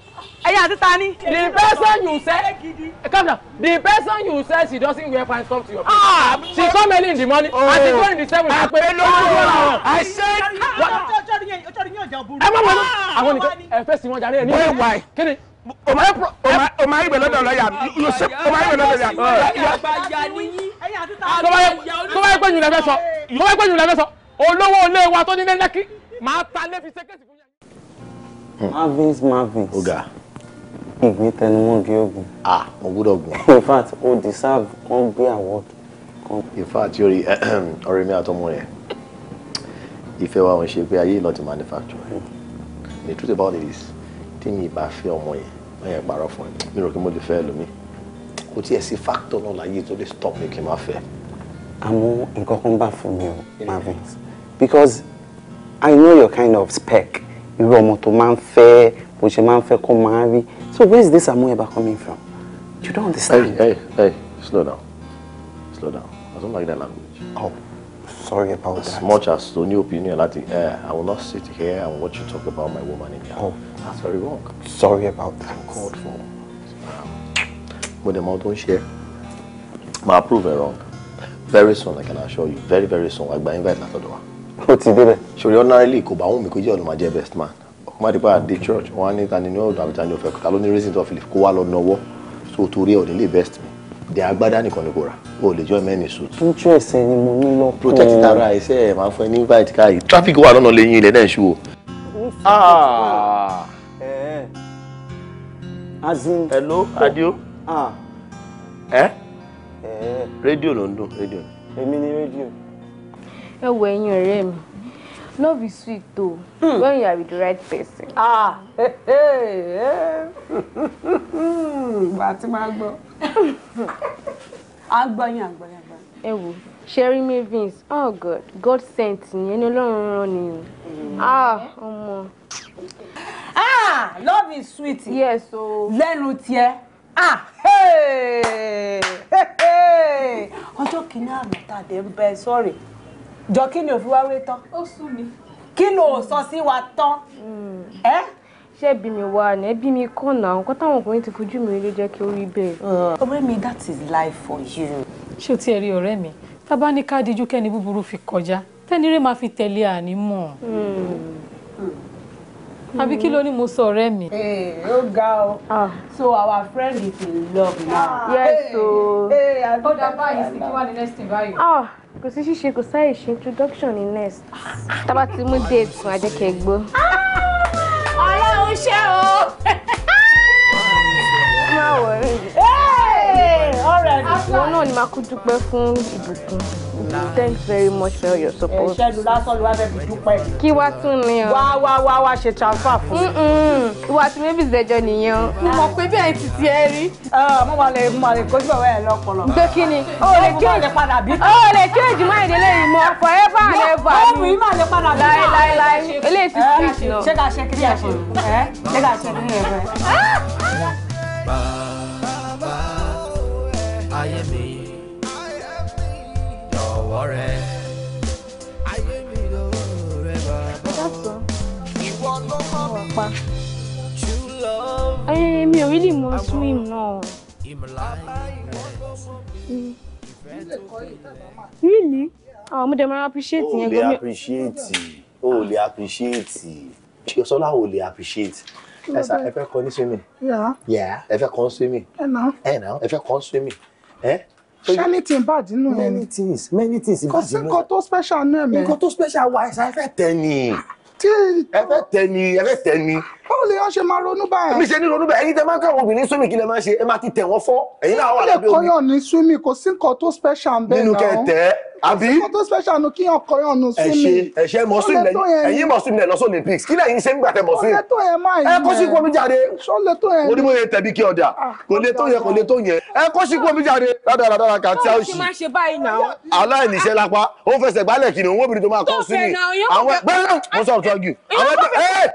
ẹ̀yin àti ta the person you say calm down the person you say she doesn't wear pants come to your place. Ah, she come early in the morning and she go in the seven. àpè ló ń i said ẹ má wọlé ah, àwọn nìkan ẹ fẹ́ sí wọn jàre ẹ ní. wẹ́ẹ̀ wáyé kí ni o ma rí bẹ̀lọ́dọ̀ lọ́yà yosef o ma rí bẹ̀lọ́dọ̀ lọ́yà. tó bá yẹ pé yùn lẹ́fẹ̀ẹ́ sọ tó bá yẹ pé yùn lẹ́fẹ̀ẹ́ sọ olówó olé wa tó ní lẹ́lẹ́kí máa ta lẹ́fi ṣẹ́kẹ́sì Hmm. marvins marvins. ọ̀gá. ìgbín tẹnumọ́ bí ogun. ah mo gbọ́dọ̀ gùn. in fact o deserve one gbé award in fact yori ọ̀rẹ́ mi àtọmọ yẹn ìfẹ́ wa wọn ṣe pé ayé ìlọ́tì manufacture hmm. the truth about it is tí mi bá fẹ́ ọmọ yẹn wọ́n yẹn parọ́ fún ẹ mi rò kí mo lè fẹ́ lómi kò tiẹ̀ sí factor náà láyé tó stop mi kí n má fẹ́. àmọ́ nǹkan kan bá fún mi o marvins because i know your kind of spec irú ọmọ tó máa ń fẹ́ bó ṣe máa ń fẹ́ kó máa rí so where is this amoeba coming from you don't understand. hey hey hey slow down slow down i don't like that language. oh sorry about as that. as much as to new opinion láti eh i will not sit here and watch you talk about my woman in here. oh that's very wrong. sorry about that. I'm called for. Um, mo dẹ̀ mọ tó ń ṣe máa prove it wrong very soon i can assure you very very soon àgbà invite látọ̀dọ̀ wa ó ti débẹ̀. sori ordinarily kò bá wọn mi kó jẹ́ ọ̀nà máa jẹ́ best man ọkùnmádìpá àdé church wọn á ní tani ní ọ̀dọ̀ àbújá ní òfẹ́ kọta ló ní reason to feel kó wá lọ nọwọ́ so torí ẹ̀ ò ní lè best mi dẹ̀ agbádá nìkan ni kò rà o lè jọ mẹ́ni suit. interest ẹni mo ní lọ. protect ara ẹsẹ̀ ẹ̀ máa ń fún ẹ ní invite káyìí traffic wà lọ́nà lẹ́yìn ilẹ̀ náà ṣú o. Ah. hello oh. adio. ẹ ah. eh? eh. rédíò ló ń dún rédíò. èmi ni rédíò ẹ wo ẹ̀yin ọ̀rẹ́ mi love is sweet o hmm. when you are with the right person. ah wàá tí máa gbọ́ agbọ́yìn agbọ́yìn agbọ́yìn. ẹ wo sherry mavins oh god god sent ni ẹni ọlọ́run rán ni hmm. ah ọmọ. ah love is sweet. yes o. lẹ́nu tiẹ̀ ah ọjọ́ kìíní àmọ́tàdé ń bẹ sọ́ọ̀rì jọ kí ni òfin wá wé tán. ó sú mi. kí ni ò sọ sí wa tán. Hmm. ẹ ṣé bí mi wá ni ẹbí mi kàn náà nǹkan táwọn ọkùnrin ti fojú mi ló jẹ́ kí ó rí bẹ́ẹ̀. Hmm. ọ̀rẹ́ mi that is life for you. ṣé o ti rí ọ̀rẹ́ mi tá a bá ní káàdì ju kẹ́ni búburú fi kọjá tẹ́niré máa fi tẹ̀lé àní mọ̀ hmm. àbí kí ló ní mo sọ ọ̀rẹ́ mi. Eh, ó ga o ah. so our friend is in love now. yes eh, o. Oh. Eh, ó dá báyìí sí kí wà ní next thing báyìí. Ah kò sí ṣíṣe kò sáyè ṣe introduction ní next. Ah, tábà ti mú date fún ajẹ́kẹ́ gbó. ọlọ́run ṣé o. má wọrí wọn náà ni màá kú dúpẹ́ fún ìbùkún thanks very much for your support. ìṣẹ́nu lásán ló wá fẹ́ fi dúpẹ́. kí wá tún ni o. wá wá wá wá ṣe transfer fún mi. ìwà àti mébì zẹjọ nìyẹn. Ah. mo mọ̀ pé bí ẹ̀yin ti ti ẹ rí. mo máa lè mo máa lè kojú ọ̀rẹ́ ẹ̀ lọ́pọ̀lọ́. gbé kí ni o lè kí èjì padà bí. o lè kí èjì máa ìdílé yìí mọ forever and ever. ó mú ìmọ̀ lè padà bí. láì láì láì eléyìí ti eh, ti ṣe. Ah. Eh, ṣé ká ṣe kiri ẹ̀ ṣe? ṣé ká ṣe kiri ẹ̀ ṣe? ayé mi lọ́wọ́ rẹ. ayé mi lọ́wọ́ rẹ bàbá. ìwọ ló mọ̀ wá pa. mi ò rí mọ swim náà. Really? Àwọn ọmọdé máa appreciate yẹn gan-an. O lè appreciate, o lè appreciate, Ṣọ́lá o lè appreciate ẹ fẹ́ kọ́ ní swimming. ẹ fẹ́ kọ́ ní swimming. ẹ náà ẹ fẹ́ kọ́ ní swimming ṣáni tí n bá dínú ẹ many things many things bá dínú ẹ kò sí nǹkan tó special náà mẹ́ nǹkan tó special wa ẹ fẹ́ tẹ ni ah, ẹ fẹ́ tẹ ni ẹ fẹ́ tẹ ni báwo lè yàn ṣe máa ronú báyẹn. mi ṣe ní ronú báyẹn ẹ̀yin tẹ máa ń káwọn obìnrin súnmì kí lẹ máa ṣe ẹ máa ti tẹ̀ wọ́n fọ́ ẹ̀yin náà wà lábẹ́ omi. ó lè kọyàn ní súnmì kò sí nǹkan tó special ń bẹ́ẹ̀ náà. nínú kẹtẹ àbí. kò sí nǹkan tó special nu kí yàn kọyàn nu súnmì. ẹ ṣe mọ̀súnmì lẹ́yìn ẹ̀yin mọ̀súnmì lọ sí olympics kí lẹ́yìn ṣe ń gbà tẹ mọ̀súnmì. Ah, ẹ kó sí kó mi jáde. mo ní mo yẹ tẹ̀bí kí ọ̀dà kò lè tó yẹ kò lè tó yẹ. ẹ kó sí kó mi jáde rádaràdàrà kà tí a ó sì. aláìníṣẹ́ lápá ó fẹsẹ̀ gbálẹ̀ kìnìún obìnrin tó máa kọ́ sí ẹ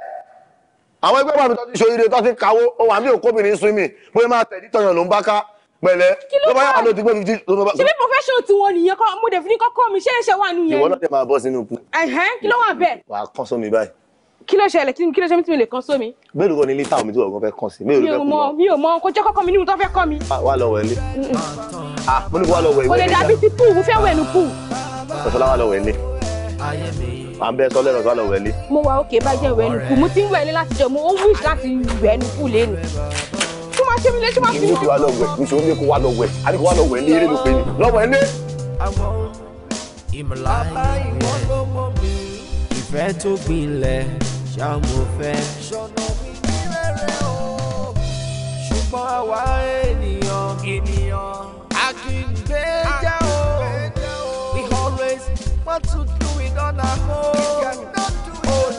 àwọn ẹgbẹ́ bàbá tó ti ṣe ire tó ti kawó ohun àmì òkóbìnrin sunmi bóyá máa tẹ̀lé tọyàn ló ń bá ká pẹ̀lẹ́ tó bá yà ló ti gbé fifty. ṣé bí profession ti wọ nìyẹn kọ mo dẹ̀ fi ní kọ́kọ́ mi ṣé é ṣe wà nù yẹn. ìwọ náà tẹ máa bọ́ sínú ikú. kí ló wà bẹ́ẹ̀. wà á kán sómi báyìí. kí ló ṣẹlẹ̀ kí ló ṣe mí tí mi lè kán sómi. mélòó kọ́ ni lítà omi tí wọ́n fẹ́ kàn sí. mi ò mọ mi ò mọ kó jẹ́ kọ́kọ́ mi níbi tó fẹ́ kọ́ mi. Ah, wà á lọ wẹ̀ ilé. ah mo ní kó wà lọ à ń bẹ sọ lẹ́nu sálọ wẹ̀lé. mo wà òkè bá jẹ́ wẹ̀ mo ti ń wẹ̀lé láti jẹ́ mo ó wíṣ láti wẹ̀ nùkú lẹ́nu. tó máa ṣe mi lé tó máa fi mi. ìṣòro wa lọ wẹ̀ ìṣòro kò wá lọ wẹ̀ àbí kò wá lọ wẹ̀ ní eré ló pe ni lọ́wọ́ ẹ lé. ìfẹ́ tó gbilẹ̀ ṣá mo fẹ́. ṣùgbọ́n àwa ènìyàn a kì í gbé jẹ́ o we always want to.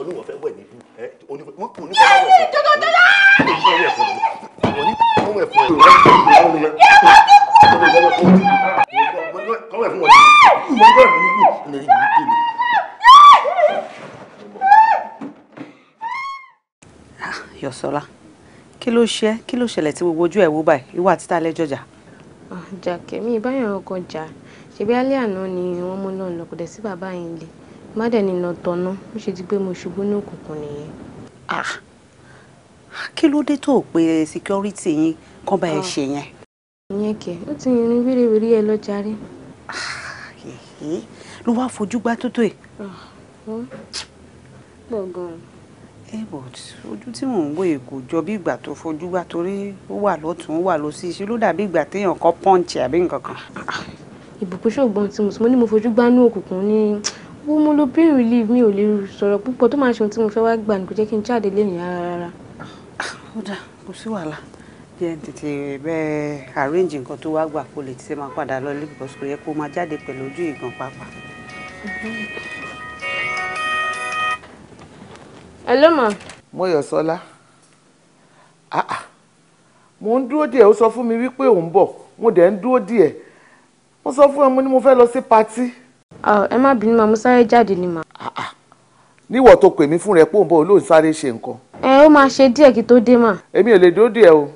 sọ ní wọ́n fẹ́ wẹ̀ níbú ẹ onífẹ́ kò ní fẹ́ wẹ̀ fún ọ ní kọ́ wẹ̀ fún ọ ní kọ́ wẹ̀ fún ọ kọ́ wẹ̀ fún ọ ní kọ́ kí ló ṣe kí ló ṣẹlẹ̀ tí gbogbo ojú ẹ̀ wò báyìí ìwà títà lẹ́jọ́jà. jàkẹ́ mi ìbáyọ̀ ọkọ̀ jà ṣebí alẹ́ àná ni wọ́n mú náà lọ kò dẹ̀ sí bàbá yẹn lé má dẹ̀ ní lọ tọ̀nà bó ṣe ti gbé mo ṣubú ní òkùnkùn nìyẹn. kí ló dé tó o pe security yín kán bá ẹ ah. ṣe yẹn. ìyẹn kẹ ó ti rin wíríwírí ẹ lọ jàre. ló wá fojú gbá tótó ẹ. Ah, pọ̀ gan-an. ẹ bọ̀ ojú tí mò ń wò yìí kò jọ bí ìgbà tó fojú gbá torí ó wà lọ́tún ó wà lọ́sí ṣe ló dàbí ìgbà téèyàn kan pọ́ǹchì àbí nǹkan kan. Ah, ìbùkún ṣògbọ́n tí mo sọ mo ní mo fojú gbá ní òkùnkùn ní mo relief mi ò lè sọ̀rọ̀ púpọ̀ tó máa ṣe ohun mo fẹ́ wá gbà ní kò jẹ́ kí n jáde lẹ́yìn rárá rárá. ó dáa kò sí wàhálà bí arrange nǹkan tó wá gbà kó lè ti ṣe máa padà lọ lé bọ́sù kò yẹ kó máa jáde pẹ̀lú ojú ìgàn pàápàá. hello ma. Mọ́yọ̀sọ́lá ah ah mo ń dúró díẹ̀ ó sọ fún mi wípé òun bọ̀ mo dẹ̀ ń dúró díẹ̀ mo sọ fún mo ní mo fẹ́ lọ sí patí ẹ má bínú mà mo sáré jáde ni mà. Ah, ah. níwọ̀ tó pè mí fún rẹ̀ pòǹbọ̀ olóòtú sáré ṣe nǹkan. ẹ ó máa ṣe díẹ̀ kí tó dé mà. èmi ò lè dúró díẹ̀ o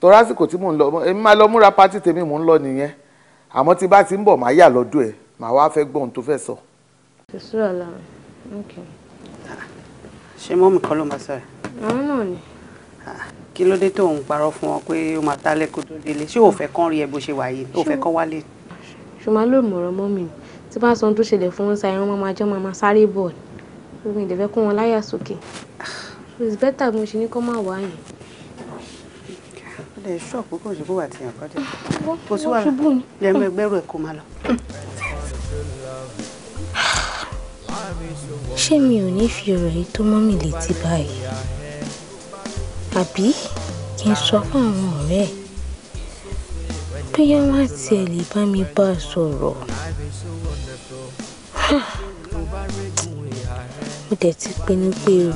tọ́ra àsìkò tí mò ń lọ èmi máa lọ múra pátì tèmi mò ń lọ nìyẹn àmọ́ tí bá ti ń bọ̀ máa yà lọ́dọ̀ ẹ̀ màá wá fẹ́ gbọ́n tó fẹ́ sọ. ṣé mọ́mì kan ló máa sọ ẹ̀. àwọn náà ni. Ah, kí ló dé tó ń parọ́ fún ọ pé ó máa tálẹ́ tó délé ṣé ò fẹ́ kán rí ẹ bó ṣe wà yìí ò fẹ́ kán wálé ṣùgbọ́n ló mọ̀rọ̀ mọ́ mi tí bá sọ ohun tó ṣẹlẹ̀ fún wọn sa irun máa jẹ́ máa sáré bọ̀ lórí ìdẹ̀fẹ́ kó wọn láyà sókè so it's better bí mo ṣe ní kó má wá yẹn. ó lè ṣú àkókò òṣèlú wà tìyàn kọjá kò sí wàhálà lẹ́nu ẹgbẹ́rún ẹ̀ kó má lọ. ṣé mi ò ní fi ọ̀rọ̀ yìí tó mọ́ mi létí báyìí àbí kí n sọ fún àwọn ọ̀rẹ́ ẹ̀ bóyá wọ́n á tiẹ̀ lè bá mi bá a sọ̀rọ̀. mo dẹ̀ ti pinnu pé o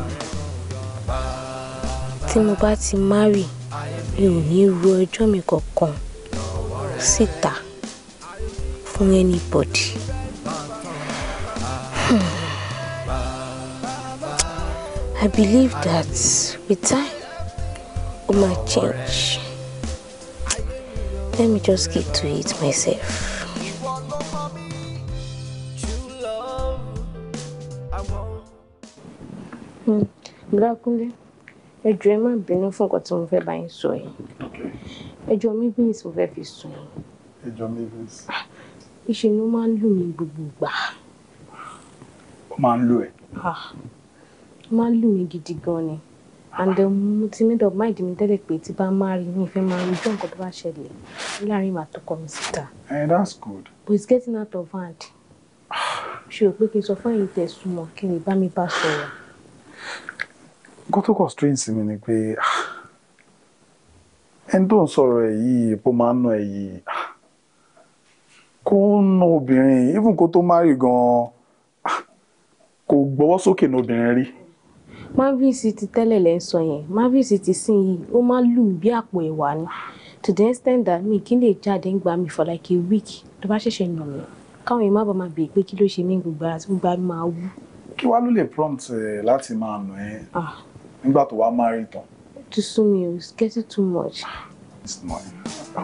tí mo bá ti márì mi ò ní ru ọjọ́ mi kankan síta fún anybody. I believe that with time, it might change. Let me just get to it myself. Gbàkúnlé, hmm. ẹ jọ̀ọ́ ẹ má bínú fún nǹkan tí mo fẹ́ bá yín sọ yìí. Ẹ jọ̀ọ́ Mavis mo fẹ́ fi sùn yìí. Ẹ jọ̀ọ́ Mavis. Ìṣe ló máa ń lù mí gbogbo ìgbà. Ó máa ń lù ẹ́. Ah, ó máa ń lù mí gidi gan ni and mo ti made up mind mi tẹ́lẹ̀ pé tí bá má rí mi ìfẹ́ máa rojú nǹkan tó bá ṣẹlẹ̀ láàrin ìgbà tó kọ mi síta. and eh, that's good. but it's getting out of hand. ṣe o pé kí n sọ fún ẹ̀yin tẹ̀sùn mọ́ kí n lè bá mi bá sọ̀rọ̀. nǹkan tó kọ̀ strange sí mi ni pé ẹni tó ń sọ̀rọ̀ ẹ̀ yìí bó máa ń nà ẹ̀ kó ń nà obìnrin even kó tó má rí gan-an kò gbọ́wọ́ sókè ní obìnrin rí. Marvis ti tẹ́lẹ̀ lẹ́ ń sọ yẹn Marvis ti sìn yìí ó máa lù mí bí àpò ẹ̀wà ni to the extent that mi kí lè jáde ń gbà mí for like a week tó bá ṣẹ̀ṣẹ̀ nà mí káwọn èèyàn má bàa máa bèè pé kí ló ṣe mí gbogbo ara tí gbogbo ara máa wú. kí wàá ló lè prompt ẹ eh, láti máa nà ẹ ah. nígbà tó wàá máa rí tán. to sue me it's getting too much. it's not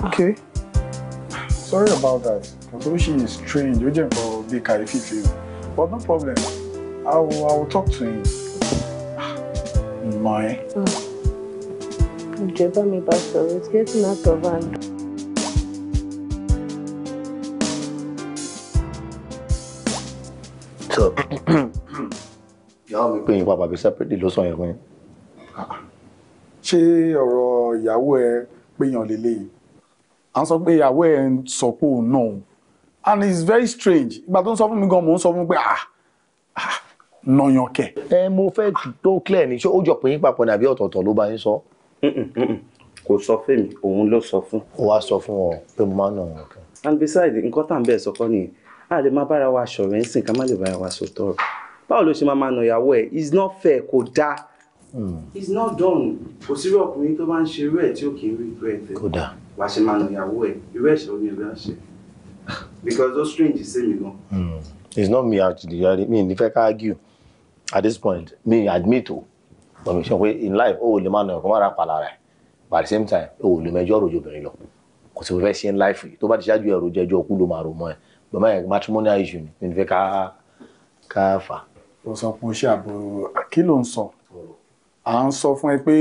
okay sorry about that contribution is strange ó jẹ́ nǹkan bí kàyéfì fèrè but no problem i will i will talk to him mọ ẹ. ǹjẹ́ bá mi bá sọ̀rọ̀ it's getting out of hand. so ìyàwó mi pé yín pàpà bíi separately ló sọ yẹn fún yín. ṣé ọ̀rọ̀ ìyàwó ẹ péyàn lélẹ́yìn à ń sọ pé ìyàwó ẹ ń sọ pé òun náà and it's very strange ìgbà tó ń sọ fún mi gan mò ń sọ fún mi pé ah nàyàn ẹ mo fẹ́ tó clear ni ṣé ó jọ pé yín papọ̀ ní ọ̀tọ̀ọ̀tọ̀ ló bá yín sọ. kò sọ fún òun ló sọ fún. ó wá sọ fún ọ pé mo máa ń nàyàn kẹ. and besides nǹkan tá à ń bẹ̀ sọkọ nìyẹn a lè má bára wa ṣọ̀rẹ́ ń sìn ká má lè bára wa sòtọ́ ọ̀rọ̀ báwo ló ṣe máa máa nà ẹ̀ it's not fair kò dáa hmm. it's not done kò sí ọkùnrin tó bá ń ṣe irú ẹ̀ tí ò kì í regret ẹ̀ kò dáa wàá ṣe máa nà ẹ̀ irú ẹ̀ṣẹ̀ ò ní ìlú àṣẹ because those strange same you know. it's not me actually I mean, if I can argue at this point me admit o but mi sọ pé in life o lè máa nà ọkọ mára pa lára ẹ but at the same time o lè mẹjọ rojo obìnrin lọ kò sí fẹ́ ṣe in life yìí tó bá ti ṣáájú ẹ̀rọ jẹjọ okú ló máa rò mọ́ ẹ bàbá yẹn matrimonial issue ni mi fẹ́ ká ká fà. o sọ pé o ṣe àbúrò kí ló ń sọ à ń sọ fún ẹ pé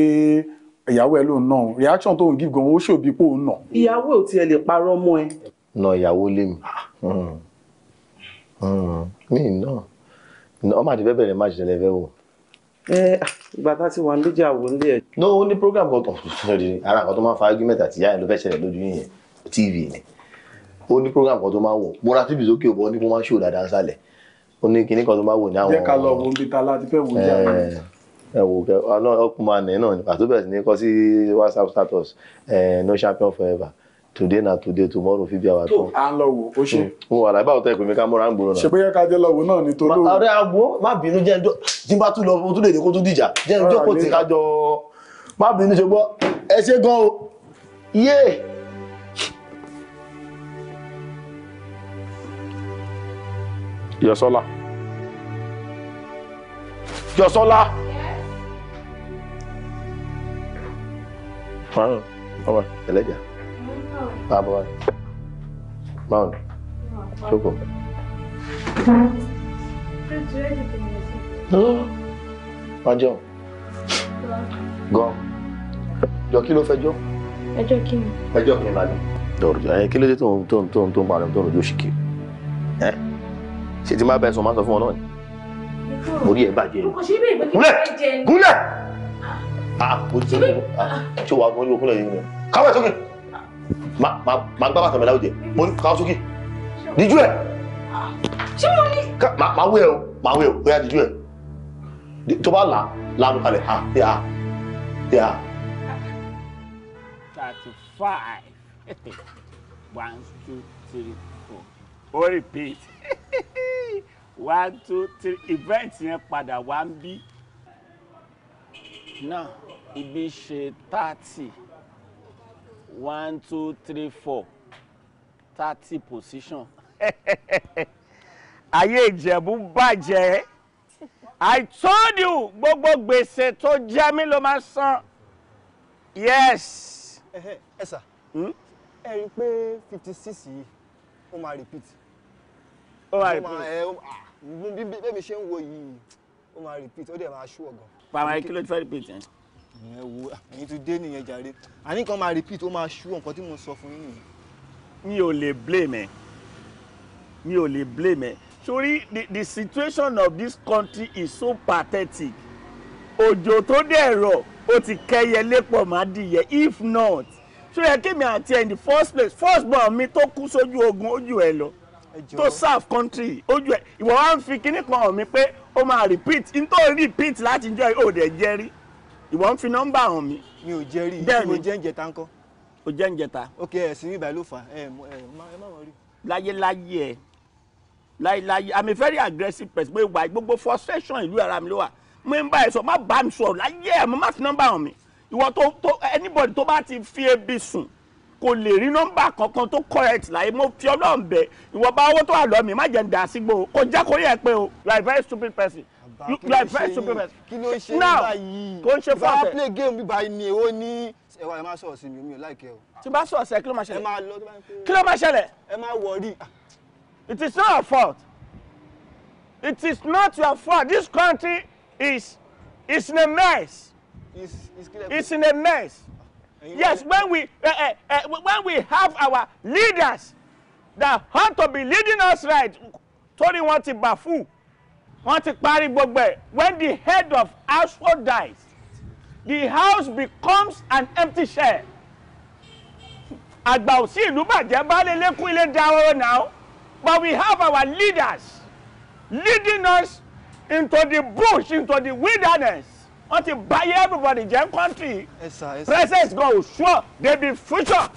ìyàwó ẹ ló ń nà reaction tó ń give gan o ṣòbí pò ń nà. ìyàwó ò tiẹ̀ lè parọ́ mọ́ ẹ. nà ìyàwó lé mi hmm. Hmm. mi náà ọmọ àti bẹ́ẹ̀ bẹ̀rẹ̀ máa ṣẹlẹ̀ fẹ́ wò. ẹ ìgbà tá a ti wà méjì àwò ń lé ẹ. no ó ní program kan tó sọ̀rọ̀ ni ara kan tó máa fa argument àti ìyá ẹ̀ ló fẹ́ ṣẹlẹ̀ lójú yìnyín tv ni ó ní program kan tó máa wò mo ra tv sókè òbọ̀ ní kó máa ṣòwò dáadáa sálẹ̀ ó ní kinní kan tó máa wò ní àwọn. jẹ́ ká lọ wo ibi ta láti fẹ́ wò jẹ́ àwọn ẹ wò kẹ ọkùnrin náà nípa tó bẹ̀rẹ̀ sí ní kọ sí WhatsApp status no champion forever today na today tomorrow fi bí àwa tán. tó à ń lọ wò ó ṣe. n wà láì báwo tẹ́ ká múra ń gbòòrò náà. ṣe bóyá ká jẹ́ lọ wò náà ni tó lówó. ọ̀rẹ́ àgbo má bínú jẹ́ ẹjọ́ tí n bá tún lọ o tún lè dé kó tún dìjà jẹ́ ẹjọ́ kò tí ká jọ má bínú ṣe gbọ́ ẹ ṣe gan o yé. Yọ̀sọ́lá Yọ̀sọ́lá. Fáwọn ọmọ ẹlẹ́jà. Báwo ni? Báwo ni? Jókòó. Má jẹun. Gan. Jọ kí ló fẹ́ jọ? Ẹjọ́ kí ni? Ẹjọ́ kí ni lájú? Dọ̀rọ̀ jọ ẹ kí ló dé tó ń tó ń tó ń tó ń pariwo tó ń rojú òṣìkè? Ẹ ṣé ti Ah, ojú tó ń bọ̀. Ṣé wàá gún ojú Ma, gbá bàtà mi láwùjẹ mo ní káwọ́ sókè díjú ẹ̀ ṣé mo ní. Ma, wé ẹ o máa wé ẹ o bóyá díjú ẹ tó bá là lánú kalẹ̀ ha ya ya. thirty five one two three four ó repeat one two three event yẹn padà wá ń bí náà ibi ṣe thirty one two three four thirty position. ayé ìjẹ̀bú bàjẹ́ I told you gbogbo gbèsè tó jẹ mí ló máa san yes. ẹ sà hmm? ẹ rí i pé fifty six yìí ó máa repeat. ó máa repeat. bí mi ṣe ń wo yìí ó máa repeat ó dẹ̀ máa ṣú ọ̀gàn. pàmò kí ló ti fẹ́ repeat yẹn ẹ wo ẹ̀yin tún dé nìyẹn jàre àní kan máa repeat ó máa ṣú nǹkan tí mo sọ fún yín nìyẹn. mi ò lè blame ẹ mi ò lè blame ẹ sórí the the situation of this country is so pathetic òjò tó dẹ̀ rọ̀ ó ti kẹ́yẹlé pọ̀ má dìyẹ if not ṣó yẹ kémi àti ẹ in the first place first born mi tó kú sójú ogun ojú ẹ lọ tó serve country ojú ẹ ìwọ wa ń fi kinní kan hàn mí pé ó máa repeat n tó repeat láti jọ ẹ ò dẹ̀ rí ìwọ ń fi nọ́mbà hàn mi. mi ò jẹ́ rí i mo jẹ́ ń jẹta ńkọ́. o jẹ́ ń jẹta. ok ẹ̀sìn mi ìbàlú fà ẹ má wọ rí. láyéláyé ẹ láyéláyé i'm a very aggressive person mo ìwà gbogbo frustration ìlú ara mi ló wà mo ń bá ẹ sọ má bá mi sọ̀rọ̀ láyé ẹ mo má fi nọ́mbà hàn mi ìwọ tó tó anybody tó bá ti fi ebi sùn kò lè rí nọ́mbà kankan tó correct láyé mo fi Ọlọ́run bẹ̀ ìwọ bá owó tó wà lọ́ọ́ mi má jẹ́ ń dà sígbó kò jẹ́ kórìí ẹ pé o you are a very stupid person you are very superman now kò ń ṣe fún ọ̀fẹ́. bá play game bíbá ni ó ní ẹwà ẹ máa sọ̀rọ̀ sí mi mi ò láìkẹ́ o. tí bá sọ̀rọ̀ sí ẹ kí ló máa ṣẹlẹ̀. ẹ máa lọ kí ló máa ṣẹlẹ̀. ẹ máa wọrí. it is not your fault it is not your fault this country is is in a mess Is it's, in a mess yes when we uh, uh, uh, when we have our leaders that want to be leading us right torí wọn ti bàfú wọ́n ti parí gbogbo ẹ̀ when the head of household dies the house becomes an empty shell àgbà òsì ìlú bàjẹ́ baálé lékún ilé dáwọ́rọ́ now but we have our leaders leading us into the bush into the wilderness wọ́n ti báyé everybody jẹ́ country yes, sir, yes, sir. presence go sure they be future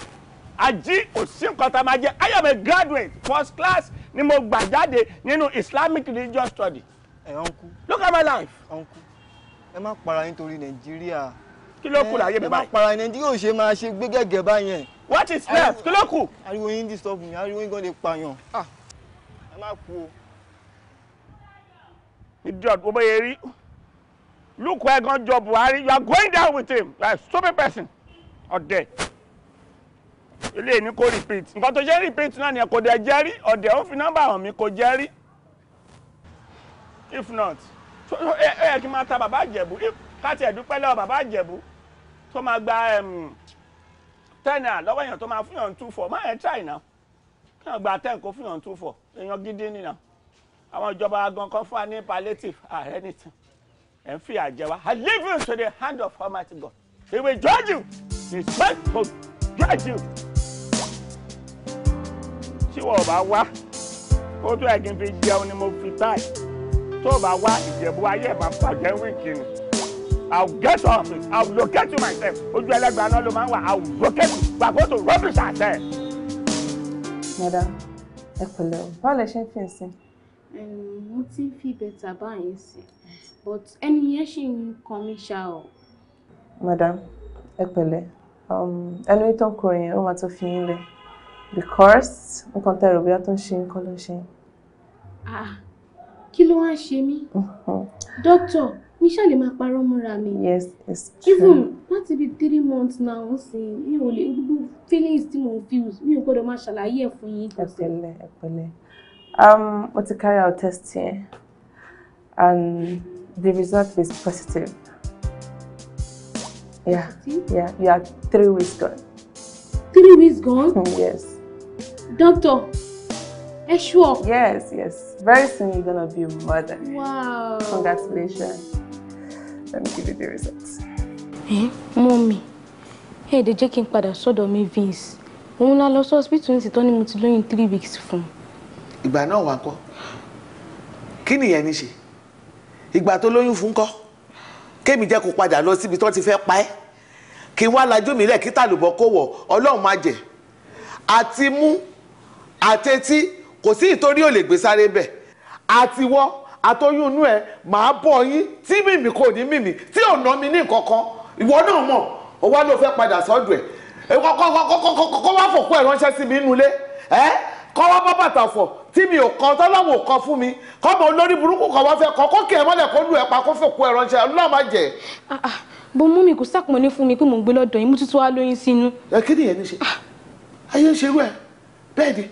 ají òsì nǹkan tá a máa jẹ I am a graduate first class ni mo gbà jáde nínú Islamic religious study Eh, uncle. look at my life. uncle ẹ má para nítorí nàìjíríà. kí ló kù eh, láyé mi báyìí. ẹ má para nàìjíríà ò ṣe máa ṣe gbé gẹ́gẹ́ báyẹn. what is left kí ló kù. ariwo yín disturb mi ariwo yín gan lè pààyàn. Ah. ẹ má kú o. idiot wo bóyá rí look where gan jọ buhari you are going down with him like stupid person ọ̀dẹ̀ ilé mi kò repeat nǹkan tó ṣe repeat náà ni kò dẹ̀ jẹ́rí ọ̀dẹ̀ ó fi nọ́mbà hàn mi kò jẹ́rí if not ẹ ẹ kí n máa ta bàbá àjẹ̀bú káti ẹ̀dúpẹ́ lọ́wọ́ bàbá àjẹ̀bú tó máa gba tẹ́nà lọ́wọ́ èèyàn tó máa fún yàn two four máa ẹ̀ try now kí wọ́n gba ten kó fún yàn two four èèyàn gidi nìyà àwọn ìjọba gan kan fún wa ní palliative ah anything ẹ̀ ń fìyà jẹ wá I leave you to the hand of Almighty God he will judge you he is faithful judge you tí wọ́n bá wá ó tó ẹ̀gìn fi jẹun ni mo fi báyìí tó bá wá ìjẹ̀bú ayé ẹ̀ máa ń bàjẹ́ wíìkì ni i will get up i will locate you myself ojú ẹlẹ́gbàá náà ló máa ń wà i will locate you gbàgbọ́tò rubbish àtẹ. madam ẹ pẹ̀lẹ́ o báwo lẹ ṣe ń fi ẹ̀sìn. mo ti ń fi bẹ̀tà báyìí sí but ẹni yẹn ṣì ń kan mi ṣá o. madam ẹ pẹ̀lẹ́ um, ẹnu tó ń kọrin yẹn ó máa tó fi yín lẹ because nǹkan tẹ̀rọ bí wọ́n tó ń ṣe ń ló ń ṣe. ah kí ló wá ń ṣe mí uh-huh. dókítà mi ṣàlè máa parọ́ mọ́ra mi yes it's true even láti bíi three months now ń sìn mi ò lè gbogbo feelings tí mo ń feel mi ò gbọ́dọ̀ máa ṣàlàyé ẹ̀ fún yín. ẹ pẹ̀lẹ́ ẹ um, mo ti carry out test yẹn and the result is positive. Yeah, yeah, you are three weeks gone. Three weeks gone? yes. Doctor, Are you sure? Yes, yes. Very soon you're gonna be a mother. Wow. Congratulations. Let me give you the results. Eh, mommy. Hey, the jẹ́ kí n padà sọ́dọ̀ mi Vince. Òun la lọ sí hospital ní ìtọ́ni mo ti lóyún three weeks from. Iba náà wà Kini kọ́. si? nìyẹn ní ṣe? Ìgbà tó lóyún fún kọ́. Kémi jẹ́ kó padà lọ síbi tó ti fẹ́ pa ẹ́. Kí n wá mi lẹ̀ kí tàlùbọ̀ kó wọ̀ Ọlọ́run má jẹ̀. Àti mú àtẹ́tí kò sí ìtorí ò lè gbé sáré bẹ̀ àtiwọ́ àtọyún inú ẹ̀ màá bọ̀ yín tí mìmì kò ní mìmì tí ò ná mi ní nǹkankan ìwọ náà mọ̀ ó wá ló fẹ́ padà sọ́dọ̀ ẹ̀ kọ́ wá fòkú ẹ̀ ránṣẹ́ sí mi nulẹ̀ ẹ́ kọ́ wá bá bàtà fọ̀ tí mi ò kọ́ tọ́lọ́wọ́ ò kọ́ fún mi kọ́ mọ olórí burúkú kan wọ́n fẹ́ kọ́ kó kí ẹ mọ́lẹ̀ kó lù ẹ̀ pa kó fòkú ẹ̀ ránṣẹ́ ọlọ́ọ̀ má jẹ́ ah, ah, bó mú mi kò sàpọ̀nlé fún mi pé mò ń gbé lọ́dọ̀ yín mú tútù wá lóyún sínú. ẹ kí nìyẹn ní ṣe ah. ayé ń ṣerú ẹ bẹ́ẹ̀ ni